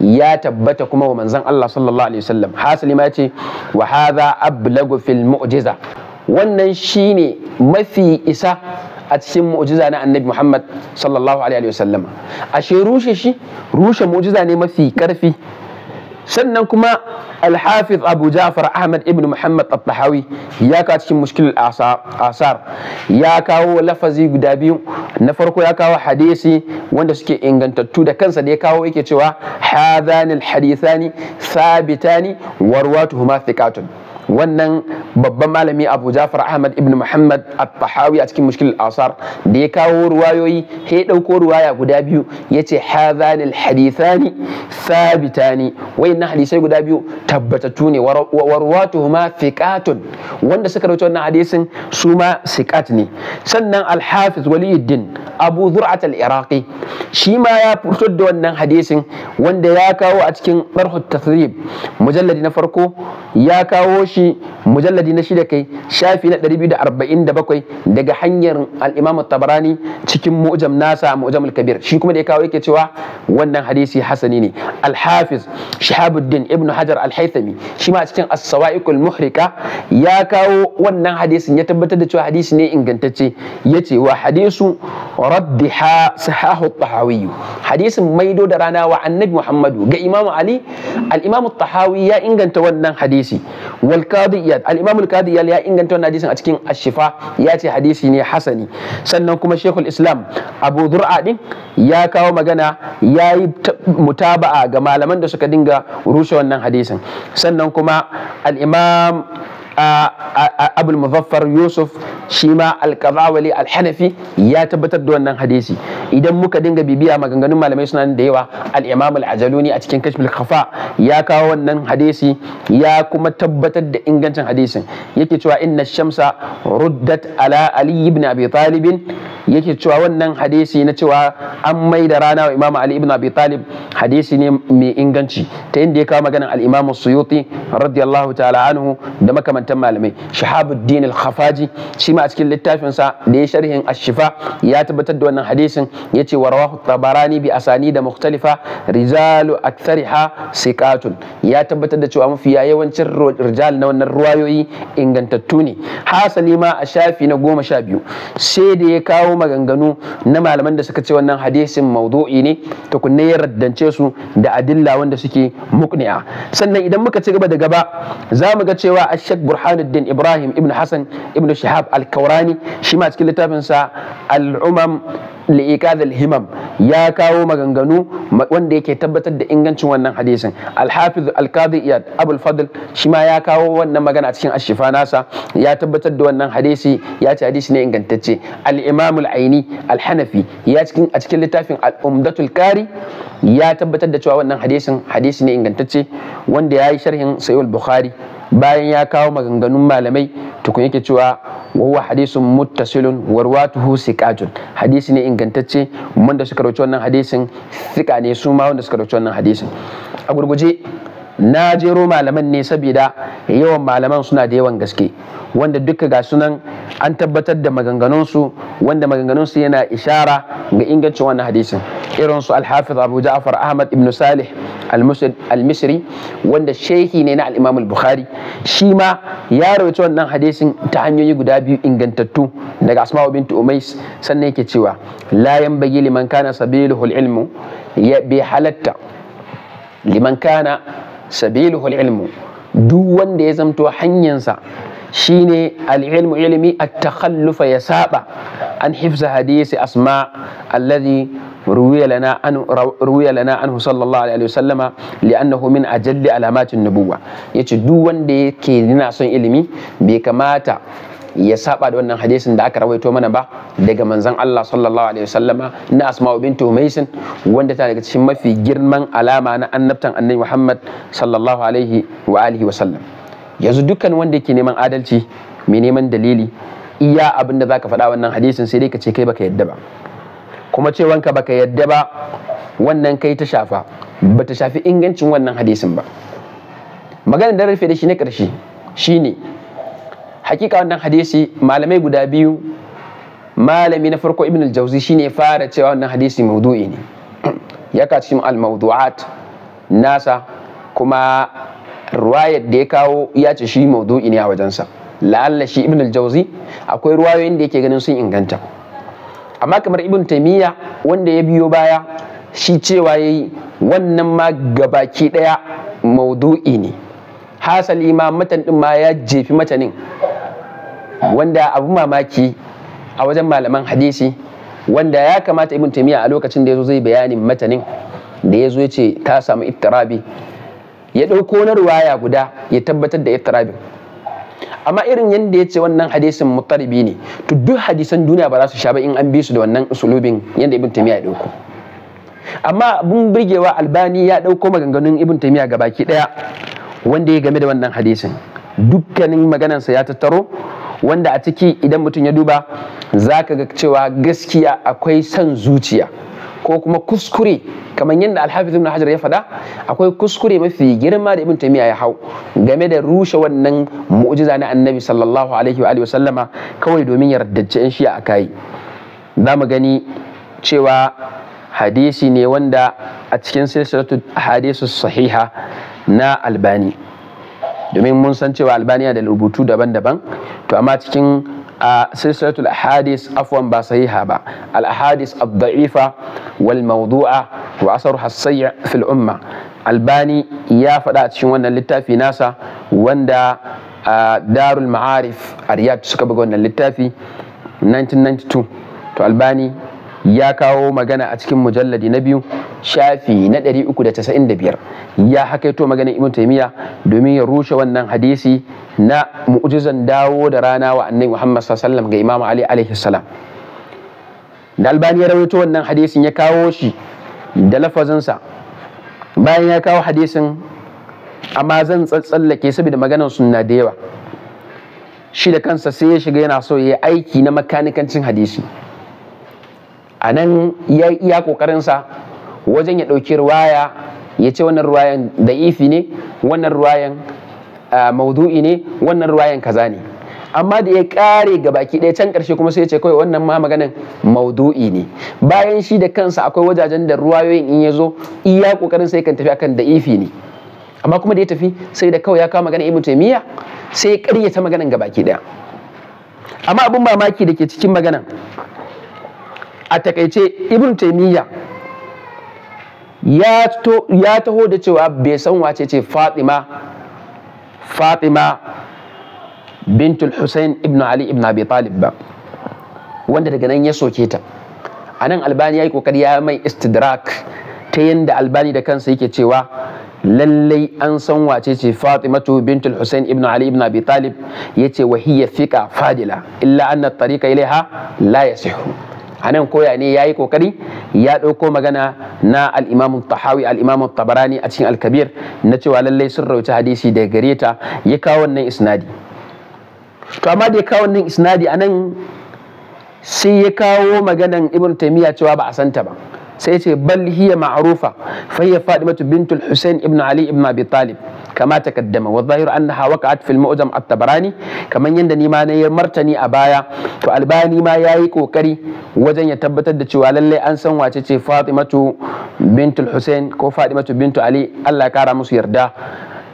ya tabbata kuma wa manzon Allah sallallahu alaihi wasallam hasali ma ce wa hadha ablagu fil mu'jiza wannan shine mafi isa a cikin mu'jiza na annabi Muhammad sallallahu alaihi wasallam ashe rushe shi rushe mu'jiza ne mafi karfi sannan kuma alhafiz abu ja'far ahmad ibn muhammad al-tahawi ya kawo cikin mushkil asar ya kawo lafazi guda biyu na farko ya kawo hadisi wanda suke ingantattu da kansa da ya kawo yake cewa hadhanil hadithani thabitani warwatuhuma thiqatun wannan babban malami abu jafar ahmad ibn muhammad al-fahawi a cikin mushkil asar da ya kawo ruwayoyi ya ɗauko ruwaya guda biyu ya ce hadhanil hadithani thabitani wayannan hadisai guda biyu tabbatattu ne ruwatuhuma fiqatun wanda suka rawaito wannan hadisin su ma siqat ne sannan al-hafiz waliyuddin abu zur'at al-iraqi shi ma ya fito da wannan hadisin wanda ya kawo a cikin barhut tasrib mujalladi na farko ya kawo shi shi mujalladi na shida kai shafi na 247 daga hanyar al-Imam tabarani cikin mu'jam nasa mu'jamul kabir shi kuma da ya kawo yake cewa wannan hadisi hasani ne al-Hafiz Shahabuddin Ibn Hajar al-Haythami shi ma cikin as-Sawa'iqul Muhrika ya kawo wannan hadisin ya tabbatar da cewa hadisi ne ingantacce yace wa hadisu raddiha sahahu tahawi hadisin maido da rana wa annabi Muhammadu ga Imam Ali al-Imam tahawi ya inganta wannan hadisi wal qadiyat al-imam al ya inganta wannan hadisin a cikin ashifa ya ce hadisi ne hasani sannan kuma shekul islam abu dur'a din ya kawo magana ya yi mutaba'a ga malaman da suka dinga rushe wannan hadisin sannan kuma al-imam abul muzaffar yusuf shi ma alkazawali alhanafi ya tabbatar da wannan hadisi idan muka dinga bibiya maganganun malamai suna da yawa al-imam ajaluni a cikin kashmir khafa ya kawo wannan hadisi ya kuma tabbatar da ingancin hadisin yake cewa inna shamsa ruddat ala ali ibn abi talib yake cewa wannan hadisi na cewa an mai da rana wa imam ali ibn abi talib hadisi ne mai inganci ta inda ya kawo maganar al-imam suyuti radiyallahu ta'ala anhu da makamantan makarantar malamai shahabuddin al-khafaji shi ma a cikin littafin sa da ya sharhin ashifa ya tabbatar da wannan hadisin yace wa rawahu tabarani bi asani da mukhtalifa rijalu aktsariha siqatun ya tabbatar da cewa mafi yawancin rijal na wannan ruwayoyi ingantattu ne hasali ma a shafi na goma sha biyu sai da ya kawo maganganu na malaman da suka ce wannan hadisin maudu'i ne tukunne ya raddance su da adilla wanda suke mukni'a sannan idan muka ci gaba da gaba za mu ga cewa ashak burhanuddin ibrahim ibn hassan ibn shahab al-kaurani shi ma cikin littafinsa al-umam li'iqad al-himam ya kawo maganganu wanda yake tabbatar da ingancin wannan hadisin al-hafiz al-qadi iyad abul fadl shi ma ya kawo wannan magana cikin ashifa nasa ya tabbatar da wannan hadisi ya ce hadisi ne ingantacce al-imam al-aini al-hanafi ya cikin a cikin littafin al-umdatul qari ya tabbatar da cewa wannan hadisin hadisi ne ingantacce wanda ya yi sharhin sahih al-bukhari bayan ya kawo maganganun malamai tukun yake cewa wawa hadisun muttasilun husi siqatun hadisi ne ingantacce wanda suka rauci wannan hadisin sika ne su ma wanda suka rauci wannan hadisin a gurguje na jero malaman ne saboda yawan malaman suna da yawan gaske wanda duka ga sunan an tabbatar da maganganunsu wanda maganganunsu yana ishara ga ingancin wannan hadisin irin su alhafiz abu ja'far ahmad ibn salih al-misri wanda shehi ne na al-imam al-bukhari shi ma ya rawaito wannan hadisin ta hanyoyi guda biyu ingantattu daga asma'u bint umais sannan yake cewa la yanbaghi liman kana sabiluhu al-ilmu bi halatta liman kana sabiluhul ilmu duk wanda ya zamto hanyarsa shine al ilimi a takhallufa ya saba an hifza hadisi asma alladhi ruwiya lana an sallallahu alaihi wasallama li'annahu min ajalli alamatin nubuwa yace duk wanda yake yana son ilimi bai kamata ya saba da wannan hadisin da aka rawaito mana ba daga manzon Allah sallallahu alaihi wasallama na Asma'u bintu Umaysin wanda ta daga cikin mafi girman alama na annabtan Annabi Muhammad sallallahu alaihi wa alihi wasallam yanzu dukkan wanda yake neman adalci mai neman dalili iya abin da zaka faɗa wannan hadisin sai dai ka ce kai baka yadda ba kuma ce wanka baka yadda ba wannan kai ta shafa ba ta shafi ingancin wannan hadisin ba maganar da rufe da shi na ƙarshe shine hakika wannan hadisi malamai guda biyu malami na farko ibn al-jawzi shine ya fara cewa wannan hadisi maudu'i ne ya ka cikin al-mawdu'at nasa kuma ruwayar da ya kawo ya ce shi maudu'i ne a wajensa la'alla shi ibn al-jawzi akwai ruwayoyin da yake ganin sun inganta amma kamar ibn taymiya wanda ya biyo baya shi cewa yayi wannan ma gabaki daya maudu'i ne hasali ma matan din ma ya jefi matanin wanda abu mamaki a wajen malaman hadisi wanda ya kamata ibn taymiya a lokacin da yazo zai bayanin matanin da yazo ya ce ta samu ittirabi ya ɗauko na ruwaya guda ya tabbatar da ittirabi amma irin yadda ya ce wannan hadisin mutaribi ne to duk hadisan duniya ba za su sha ba in an bi su da wannan usulubin yanda ibn taymiya ya ɗauko amma abun birgewa albani ya ɗauko maganganun ibn taymiya gabaki ɗaya wanda ya game da wannan hadisin dukkanin maganansa ya tattaro wanda a ciki idan mutum ya duba za ka ga cewa gaskiya akwai son zuciya ko kuma kuskure kamar yadda alhafiz ibn hajar ya faɗa akwai kuskure mafi girma da ibn taymiya ya hau game da rushe wannan mu'jiza na annabi sallallahu alaihi wa alihi sallama kawai domin yardajjen shi a kayi. za mu gani cewa hadisi ne wanda a cikin silsilatu hadisu sahiha na albani domin mun san cewa albaniya da rubutu daban-daban to amma cikin a silsilatul ahadis afwan ba sahiha ba al ahadis ad-da'ifa wal mawdu'a wa asaru hasayya fil umma albani ya faɗa a cikin wannan littafi nasa wanda darul ma'arif a suka buga wannan littafi 1992 to albani ya kawo magana a cikin mujalladi na biyu shafi na 395 ya hakaito maganar ibn taymiya domin ya rushe wannan hadisi na mu'jizan dawo da rana wa annabi muhammad sallallahu ga imam ali alaihi da albani ya rawaito wannan hadisin ya kawo shi da lafazinsa bayan ya kawo hadisin amma zan tsallake saboda maganar sunna da yawa shi da kansa sai ya shiga yana so ya aiki na makanikancin hadisi a nan ya iya ƙoƙarinsa wajen ya ɗauki ruwaya ya ce wannan ruwayan da ifi ne wannan ruwayan maudu'i ne wannan ruwayan kaza ne amma da ya ƙare ga baki ɗaya can ƙarshe kuma sai ya ce kawai wannan ma maganan maudu'i ne bayan shi da kansa akwai wajajen da ruwayoyin in ya zo iya ƙoƙarin sai kan tafi akan da ifi ne amma kuma da ya tafi sai da kawai ya kawo maganin ibn taymiya sai ya ƙaryata maganan ga baki ɗaya amma abin mamaki da ke cikin maganan a takaice ibn taimiyya ya taho da cewa bai san wace ce fatima fatima bintul hussein ibn ali ibn abi talib ba wanda daga nan ya soke ta a nan albani ya yi kokari ya mai istidrak ta yadda albani da kansa yake cewa lallai an san wace ce to bintul hussein ibn ali ibn abi talib ya ce wahiyya fika fadila illa anna tariqa ilaiha la ya yasihu a nan koya ne ya yi kokari ya ɗauko magana na al'imamun tahawi al'imamun tabarani a cikin alkabir na cewa lallai sun rauci hadisi daga gare ta ya kawo wannan isnadi to amma da ya kawo wannan isnadi a nan sai ya kawo maganan ibn taimiyya cewa ba a santa ba sai ce bal hiya ma'rufa fa fadimatu bintul husain ibn ali ibn abi talib kama takaddama wa zahiru annaha waqa'at fil mu'jam at-tabarani kaman yanda ni ma nayi martani a baya to albani ma yayi kokari wajen ya tabbatar da cewa lalle an san wace ce fatimatu bintul husain ko fadimatu bintu ali Allah ya kara musu yarda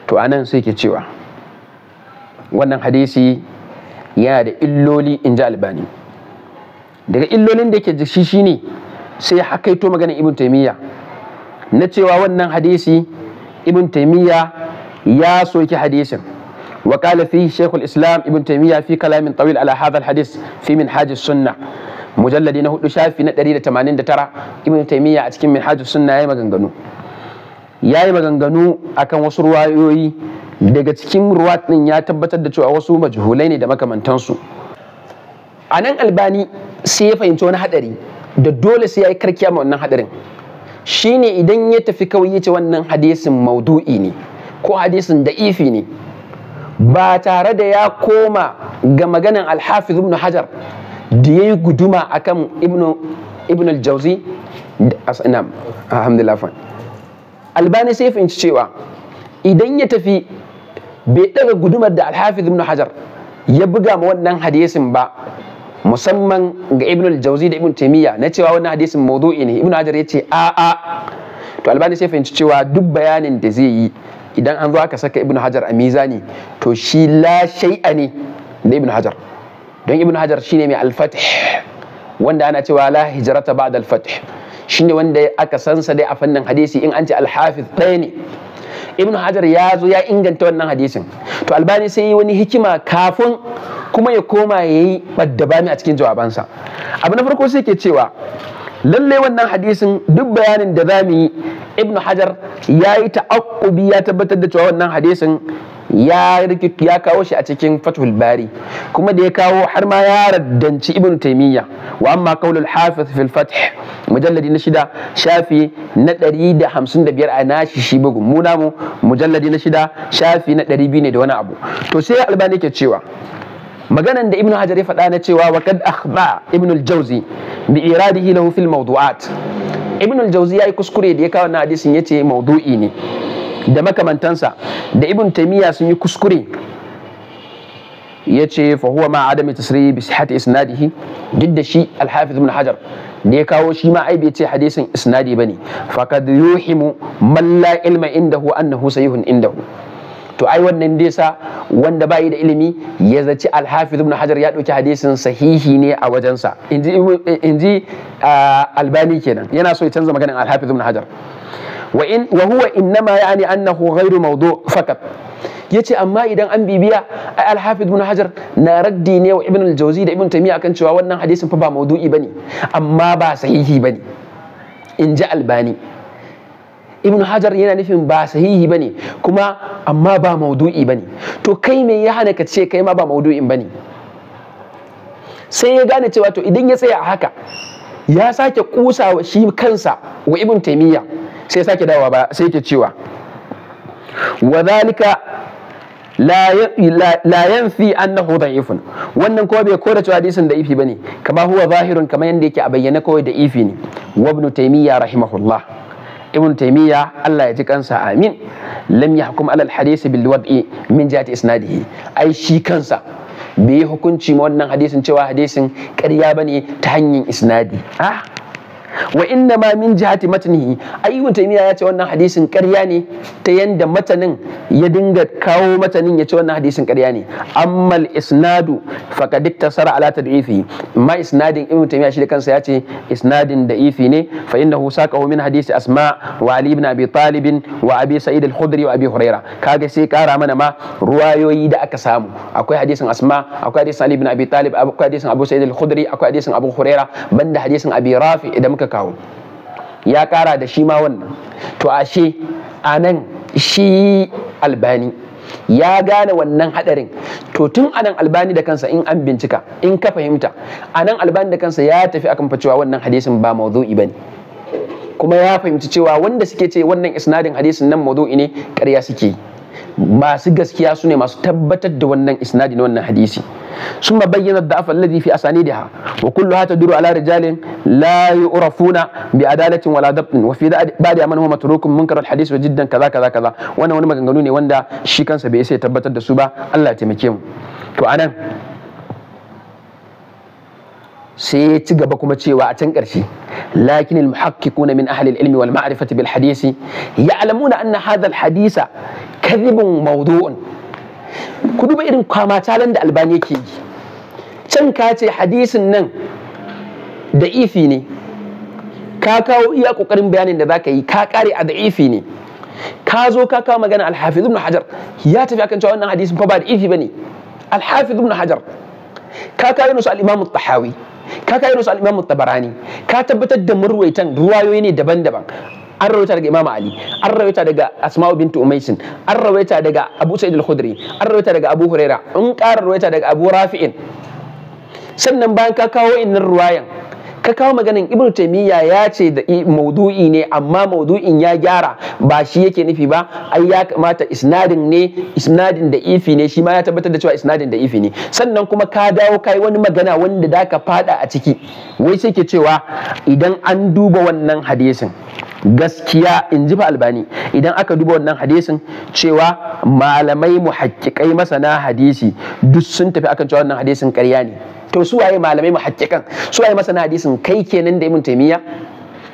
to anan sai ke cewa wannan hadisi yana da illoli in ji albani daga illolin da ke shi shine sai ya hakaito maganin ibn taimiyya na cewa wannan hadisi ibn taimiyya ya soki hadisin wa qala fi shaykh islam ibn taimiyya fi kalamin tawil ala hadha hadis fi minhaj suna. mujalladi na hudu shafi na 189 ibn taimiyya a cikin minhaj sunna yayi maganganu yayi maganganu akan wasu ruwayoyi daga cikin ruwat din ya tabbatar da cewa wasu majhulai ne da makamantansu a nan albani sai ya fahimci wani hadari da dole sai ya yi karkiya ma wannan hadarin ne idan ya tafi kawai yace wannan hadisin maudu'i ne ko hadisin da'ifi ne ba tare da ya koma ga maganan alhafiz ibn hajar da ya yi guduma akan kan ibn al-jawzi albani sai fahimci cewa idan ya tafi bai daga gudumar da alhafiz ibn hajar ya buga ma wannan hadisin ba musamman ga ibn al-jauzi da ibn taimiyya na cewa wannan hadisin mawdu'i ne ibn hajar ya ce a a to albani sai fahimci cewa duk bayanin da zai yi idan an zo aka saka ibn hajar a mizani to shi la shay'a ne da ibn hajar don ibn hajar shine mai al-fath wanda ana cewa la hijrata ba'da al-fath shine wanda aka sansa dai a fannin hadisi in an ce al-hafiz ɗaya ne ibnu hajar ya zo ya inganta wannan hadisin to albani sai yi wani hikima kafin kuma ya koma ya yi baddabami a cikin jawabansa abu na farko sai ke cewa lallai wannan hadisin duk bayanin da za mu yi ibnu hajar ya yi ya tabbatar da cewa wannan hadisin ya ya kawo shi a cikin fathul bari kuma da ya kawo har ma ya raddanci ibnu taymiya wa amma qaulul hafiz fil fath mujalladi na shida shafi na 155 a nashi shi bugun mu namu mujalladi na shida shafi na 200 ne da wani abu to sai albani ke cewa maganan da ibnu hajar ya faɗa na cewa wa kad akhba ibnu al-jawzi bi iradihi lahu fil mawdu'at ibnu al-jawzi yayi kuskure da ya kawo na hadisin yace mawdu'i ne da makamantansa da ibn taimiyya sun yi kuskure ya ce fahuwa ma adam tasiri bi sihati isnadihi duk da shi alhafiz ibn hajar da ya kawo shi ma ai bai ce hadisin isnadi bane faqad yuhimu man la ilma indahu annahu sayhun indahu to ai wannan dai sa wanda bayi da ilimi ya zaci alhafiz ibn hajar ya dauki hadisin sahihi ne a wajensa inji inji ah, albani kenan yana so ya canza maganin alhafiz ibn hajar wa in huwa innama ya'ni annahu ghairu mawdu fakat yace amma idan an bibiya ai al Duna hajar na raddi ne wa ibn al-jawzi da ibn taymiya akan cewa wannan hadisin fa ba mawdu'i bane amma ba sahihi bane in ji albani ibn hajar yana nufin ba sahihi bane kuma amma ba maudu'i bane to kai me ya hana ka ce kai ma ba maudu'in bane sai ya gane cewa to idan ya tsaya a haka ya sake kusa shi kansa wa ibn taimiyya sai sake dawa ba sai ke cewa wa zalika la yanfi annahu da'ifun wannan kuma bai koda cewa hadisin da ifi bane kama huwa zahirun kamar yanda yake a bayyana kawai da ifi ne wa ibn taymiya rahimahullah ibn taymiya Allah ya ji kansa amin lam yahkum ala al-hadisi bil wad'i min jihati isnadihi ai shi kansa bai yi hukunci ma wannan hadisin cewa hadisin ƙarya bane ta hanyar isnadi ah wa inna ma min jihati matnihi ai ibn taymiya ya ce wannan hadisin ƙarya ne ta yanda matanin ya dinga kawo matanin ya wannan hadisin ƙarya ne amma isnadu faqad tasara ala tad'ifi ma isnadin ibn taymiya shi da kansa ya ce isnadin da'ifi ne fa innahu saqahu min hadisi asma wa ali ibn abi talib wa abi sa'id al-khudri wa abi huraira kaga sai kara mana ma ruwayoyi da aka samu akwai hadisin asma akwai hadisin ali ibn abi talib akwai hadisin abu sa'id al-khudri akwai hadisin abu huraira banda hadisin abi rafi idan muka ka kawo ya kara da shi ma wannan to ashe anan nan shi albani ya gane wannan hadarin to tun anan albani da kansa in an bincika in ka fahimta anan albani da kansa ya tafi akan cewa wannan hadisin ba mawdu'i bane kuma ya fahimci cewa wanda suke ce wannan isnadin hadisin nan mawdu'i ne ƙarya suke yi masu gaskiya su ne masu tabbatar da wannan isnadi na wannan hadisi sun ma bayyana da afal ladhi fi asanidiha wa kullu hata duru ala rijalin la yu'rafuna bi adalatin wala dabtin wa fi ba'di man huwa matrukun munkar al hadith wa jiddan kaza kaza kaza wannan wani maganganu ne wanda shi kansa bai sai tabbatar da su ba Allah ya taimake mu to anan sai ya ci gaba kuma cewa a can ƙarshe lakin al-muhaqqiqun min ahli al-ilmi wal ma'rifati bil hadisi ya'lamuna anna hadha al-hadisa kadhibun mawdu'un ku duba irin kwamatalan da albani yake yi can ka ce hadisin nan da ifi ne ka kawo iya kokarin bayanin da zaka yi ka kare a da ifi ne ka zo ka kawo magana al-hafiz ibn hajar ya tafi akan cewa wannan hadisin fa ba da ifi bane al-hafiz ibn hajar ka kawo nusu al-imam at-tahawi Ka kai su al-Imam Tabarani ka tabbatar da murwaitan ruwayoyi ne daban-daban an rawaita daga Imam Ali an rawaita daga Asma'u bintu Umaysin an rawaita daga Abu Sa'id al-Khudri an rawaita daga Abu Huraira in ƙara rawaita daga Abu Rafi'in sannan bayan ka kawo innan ruwayan ka kawo maganin ibn taymiya ya ce da maudu'i ne amma maudu'in ya gyara ba shi yake nufi ba ai ya kamata isnadin ne isnadin da ifi ne shi ma ya tabbatar da cewa isnadin da ifi ne sannan kuma ka dawo kai wani magana wanda da ka fada a ciki wai sai ke cewa idan an duba wannan hadisin gaskiya in ji fa albani idan aka duba wannan hadisin cewa malamai muhakkikai masana hadisi duk sun tafi akan cewa wannan hadisin ƙarya ne to su waye malamai muhaqqiqan su waye masana hadisin kai kenan da ibn taymiya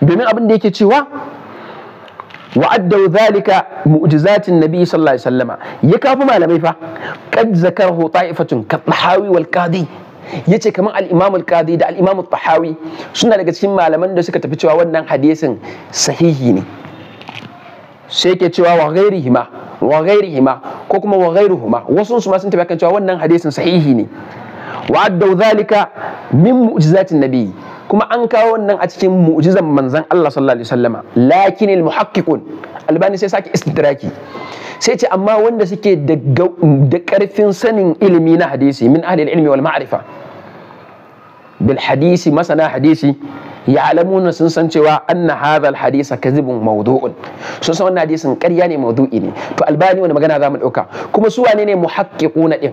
domin abin da yake cewa wa zalika mu'jizatin nabi sallallahu alaihi wasallama ya kafu malamai fa kad zakarahu ta'ifatun ka wal qadi yace kamar al-imam al-qadi da al-imam tahawi suna daga cikin malaman da suka tafi cewa wannan hadisin sahihi ne sai ke cewa wa ghairihima wa ghairihima ko kuma wa ghairuhuma wasu su ma sun tafi kan cewa wannan hadisin sahihi ne wa'addau zalika min mu'jizatin nabi kuma an kawo wannan a cikin mu'jizan manzan Allah sallallahu alaihi wasallama lakin al muhaqqiqun albani sai sake istidraki sai ce amma wanda suke da karfin sanin ilimi na hadisi min ahli al ilmi wal ma'rifa bil hadisi masana hadisi ya'lamuna sun san cewa anna hadha hadisa kadhibun mawdu'un sun san wannan hadisin ƙarya ne mawdu'i ne to albani wani magana zamu dauka kuma su wane ne muhaqqiquna din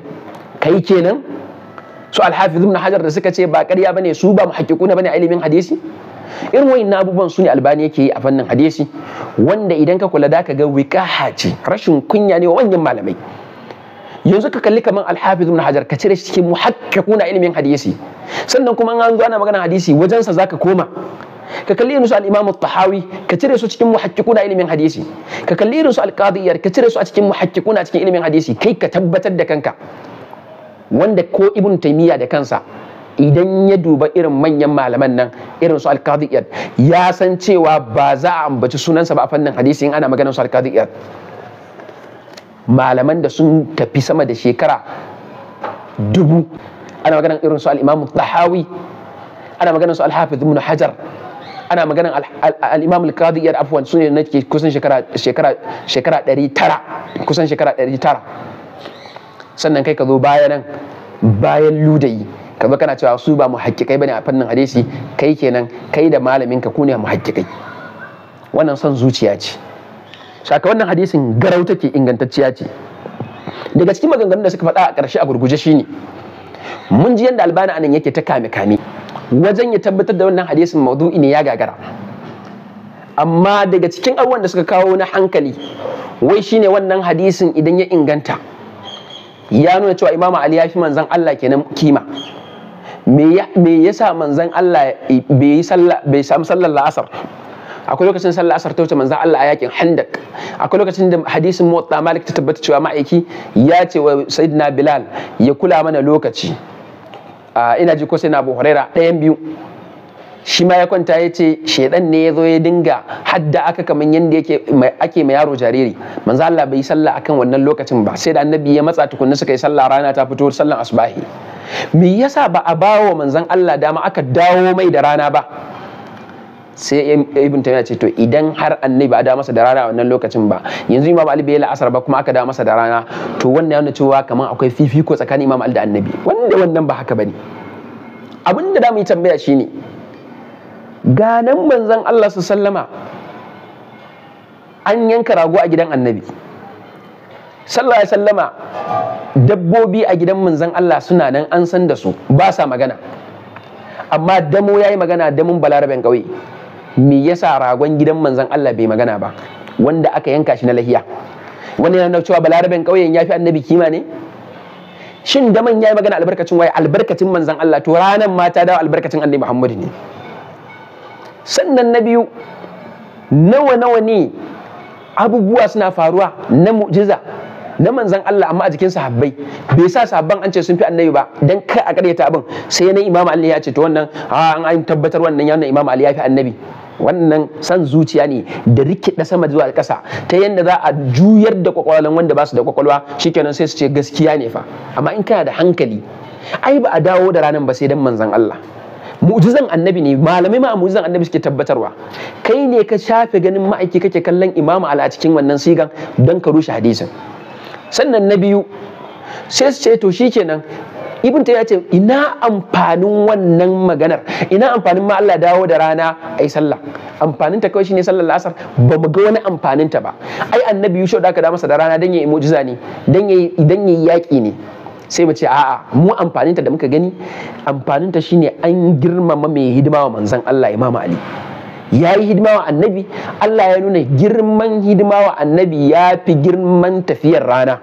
kai kenan su Alhafi zumna hajar da suka ce ba karya bane su ba muhakkikuna bane a ilimin hadisi irin wayin abubuwan su ne albani yake yi a fannin hadisi wanda idan ka kula da ka ga wiƙaha ce rashin kunya ne wa manyan malamai yanzu ka kalli kaman Alhafi zumna hajar ka cire shi cikin muhaqqiquna ilimin hadisi sannan kuma an zo ana magana hadisi wajen wajensa zaka koma ka kalli irin su al-Imam tahawi ka cire su cikin na ilimin hadisi ka kalli irin su al-Qadiyar ka cire su a cikin na cikin ilimin hadisi kai ka tabbatar da kanka wanda ko ibn taimiyya da kansa idan ya duba irin manyan malaman nan irin su alkadiyar ya san cewa ba za a ambaci sunansa ba a fannin hadisi in ana maganar su alkadiyar malaman da sun tafi sama da shekara dubu ana maganar irin su al'imamu tahawi ana maganar su alhafiz ibn hajar ana maganar al'imam al-kadiyar afwan su ne na kusan shekara shekara kusan shekara 900 sannan kai ka zo baya nan bayan ludayi ka zo kana cewa su ba mu hakikai bane a fannin hadisi kai kenan kai da malamin ka ku ne mu hakikai wannan son zuciya ce saka wannan hadisin garau take ingantacciya ce daga cikin maganganun da suka faɗa a ƙarshe a gurguje shine mun ji yadda Albana anan yake ta kame kame wajen ya tabbatar da wannan hadisin maudu'i ne ya gagara amma daga cikin abubuwan da suka kawo na hankali wai shine wannan hadisin idan ya inganta ya nuna cewa imamu ali ya fi manzan Allah kenan kima me yasa manzan Allah bai samu sallar la'asar akwai lokacin sallar asar ta wuce manzan Allah a yakin handak akwai lokacin da hadisin motsa malik ta tabbata cewa ma'aiki ya ce wa na bilal ya kula mana lokaci ina ji ko sai na abu huraira ɗayan biyu shi ma ya kwanta ya ce shaidan ne ya zo ya dinga hadda aka kamar yadda ake ma yaro jariri manzo Allah bai sallah akan wannan lokacin ba sai da annabi ya matsa tukunna suka yi sallah rana ta fito sallan asbahi me yasa ba a bawo manzon Allah dama aka dawo mai da rana ba sai ibn taymiya ce to idan har annabi ba da masa da rana a wannan lokacin ba yanzu imam ali bai la'asar ba kuma aka da masa da rana to wannan yana cewa kamar akwai fifiko tsakanin imam ali da annabi wanda wannan ba haka bane abin da mu yi tambaya shi ne. ganan manzan Allah su sallama an yanka rago a gidan annabi sallallahu ya sallama dabbobi a gidan manzan Allah suna nan an san da su ba sa magana amma damo ya yi magana damun balaraben ƙauye me yasa ragon gidan manzan Allah bai magana ba wanda aka yanka shi na lahiya wani yana cewa balaraben ƙauyen ya fi annabi kima ne shin daman ya yi magana albarkacin waye albarkacin manzan Allah to ranan mata da albarkacin annabi Muhammadu ne sannan na biyu nawa nawa ne abubuwa suna faruwa na mu'jiza na manzan Allah amma a jikin sahabbai bai sa sahabban an ce sun fi annabi ba dan kar a karyata abin sai na Imam Ali ya ce to wannan an tabbatar wannan yana Imam Ali ya fi annabi wannan san zuciya ne da da sama zuwa ƙasa ta yadda za a juyar da kwakwalwan wanda ba su da kwakwalwa shikenan sai su ce gaskiya ne fa amma in kana da hankali ai ba a dawo da ranan ba sai dan manzan Allah mu'jizan annabi ne malamai ma mu'jizan annabi suke tabbatarwa kai ne ka shafe ganin ma'aiki kake kallon imamu ala a cikin wannan sigan don ka rushe hadisin sannan na biyu sai su ce to shi kenan ibn ta ya ce ina amfanin wannan maganar ina amfanin ma Allah dawo da rana ai sallah amfanin ta kawai shine sallar asar ba mu ga wani amfanin ta ba ai annabi yusho da aka da masa da rana dan yayi mu'jiza ne dan yayi dan yayi yaki ne sai mu a'a mu amfaninta da muka gani amfaninta shine an girmama mai hidima wa manzon Allah Imam Ali ya yi hidima wa annabi Allah ya nuna girman hidima wa annabi ya fi girman tafiyar rana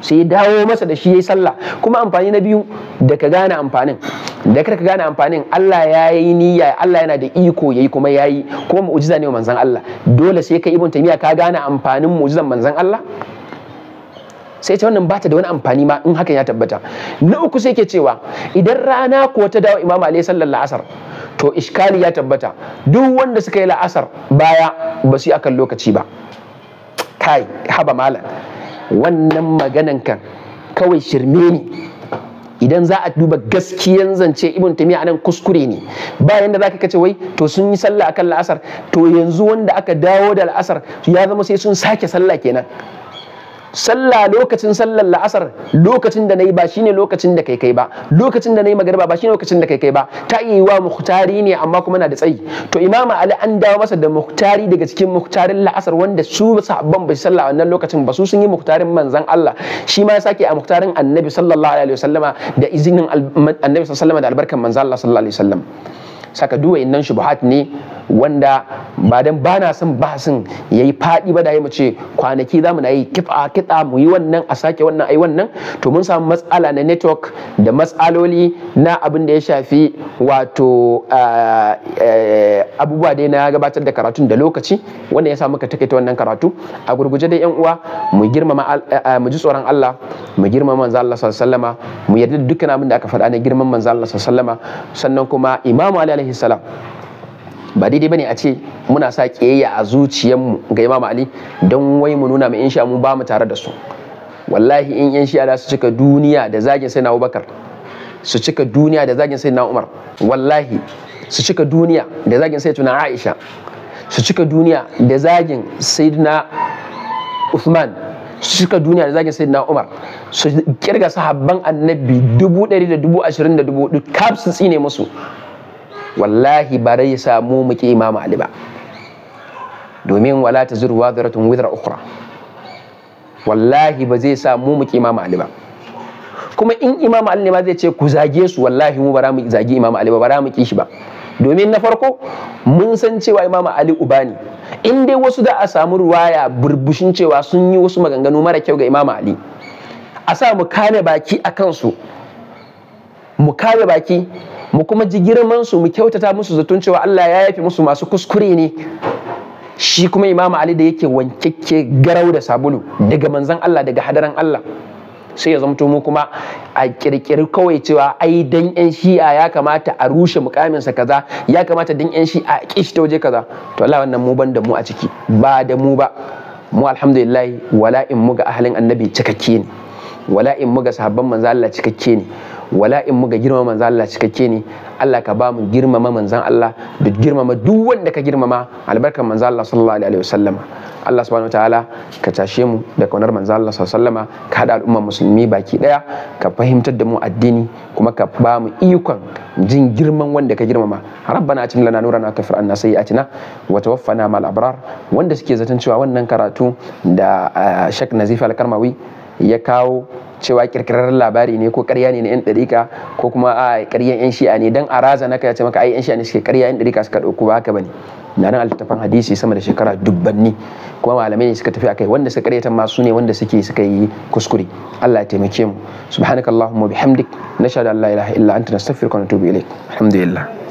sai dawo masa da shi ya yi sallah kuma amfani na biyu da ka gane amfanin da ka gane amfanin Allah ya yi niyya Allah yana da iko yayi kuma ya yi kuma mu'jiza ne wa manzan Allah dole sai ka ibn tamiya ka gane amfanin mu'jizan manzon Allah sai ta wannan bata da wani amfani ma in hakan ya tabbata na uku sai ke cewa idan rana ko ta dawo imam ali sallar la'asar to ishkali ya tabbata duk wanda suka yi la'asar baya ba su yi akan lokaci ba kai haba malam wannan maganan kan kawai shirme ne idan za a duba gaskiyan zance ibn tamiya anan kuskure ne bayan da zaka kace wai to sun yi sallah akan la'asar to yanzu wanda aka dawo da la'asar ya zama sai sun sake sallah kenan sallah lokacin sallar la'asar lokacin da nayi ba shine lokacin da kai kai ba lokacin da nayi magariba ba shine lokacin da kai kai ba ta yi wa muhtari ne amma kuma na da tsayi to Imama ali an dawo masa da muhtari daga cikin muhtarin la'asar wanda su sahabban ba su sallah wannan lokacin ba su sun yi muhtarin manzan Allah shi ma ya sake a muhtarin annabi sallallahu alaihi wasallama da izinin annabi sallallahu alaihi wasallama da albarkan manzan Allah sallallahu alaihi wasallam saka duwa innan shubuhat ne wanda ba dan ba na son bahasin ya yi faɗi ba da ya mace kwanaki za mu na yi kifa kiɗa mu yi wannan a sake wannan ai wannan to mun samu matsala na network da matsaloli na abin da ya shafi wato abubuwa dai na gabatar da karatu da lokaci wanda ya sa muka takaita wannan karatu a gurguje da yan uwa mu girmama mu ji tsoron Allah mu girmama manzo Allah sallallahu alaihi wasallama mu yarda da dukkan abin da aka faɗa na girman manzo Allah sallallahu alaihi wasallama sannan kuma Imam Ali alaihi salam ba daidai bane a ce muna sa kiyayya a zuciyarmu ga Imam Ali don wai mu nuna mu insha mu ba mu tare da su wallahi in yan shi'a su cika duniya da zagin sai na Abubakar su cika duniya da zagin sai na Umar wallahi su cika duniya da zagin sai tuna Aisha su cika duniya da zagin sayyidina Uthman su cika duniya da zagin sayyidina Umar su kirga sahabban annabi dubu ɗari da dubu ashirin da dubu kaf su tsine musu wallahi ba rai samu mu ki imamu ali ba domin wala ta zuru wadaratun wizar ukra wallahi ba zai samu mu ki imamu ali ba kuma in imamu ali ma zai ce ku zage su wallahi mu bara mu zage imamu ali ba bara mu kishi shi ba domin na farko mun san cewa imamu ali uba ne in dai wasu da a samu ruwaya burbushin cewa sun yi wasu maganganu mara kyau ga imamu ali a sa mu kame baki a kansu mu kame baki mu kuma ji girman su mu kyautata musu zaton cewa Allah ya yafi musu masu kuskure ne shi kuma Imam Ali da yake wankekke garau da sabulu daga manzan Allah daga hadaran Allah sai ya zamto mu kuma a kirkiri kawai cewa ai dan yan shi'a ya kamata a rushe mukamin sa kaza ya kamata dan yan shi'a a kishi ta waje kaza to Allah wannan mu ban da mu a ciki ba da mu ba mu alhamdulillah wala'in mu ga ahalin annabi cikakke ne wala'in mu ga sahabban manzo Allah cikakke ne wala in muka girmama manzan Allah cikakke ne Allah ka ba mu girmama manzan Allah da girmama duk wanda ka girmama albarkar manzan Allah sallallahu alaihi wasallama Allah subhanahu wataala ka tashe mu da kaunar manzan Allah sallallahu alaihi wasallama ka hada al'umma musulmi baki daya ka fahimtar da mu addini kuma ka ba mu ikon jin girman wanda ka girmama rabbana atina lana nurana kafir anna sayyi'atina wa tawaffana mal abrar wanda suke zaton cewa wannan karatu da eh, shak nazifa Al-Karmawi ya kawo cewa kirkirar labari ne ko karya ne na yan ɗarika ko kuma a karyan yan shi'a ne dan a raza naka ya ce maka ai yan shi'a ne suke karya yan ɗarika suka ɗauko ba haka bane na nan altafan hadisi sama da shekara dubbanni kuma malamai ne suka tafi akai wanda suka karyata ma su ne wanda suke suka yi kuskure Allah ya taimake mu subhanakallahumma bihamdik nashhadu an la ilaha illa anta nastaghfiruka wa natubu ilaik alhamdulillah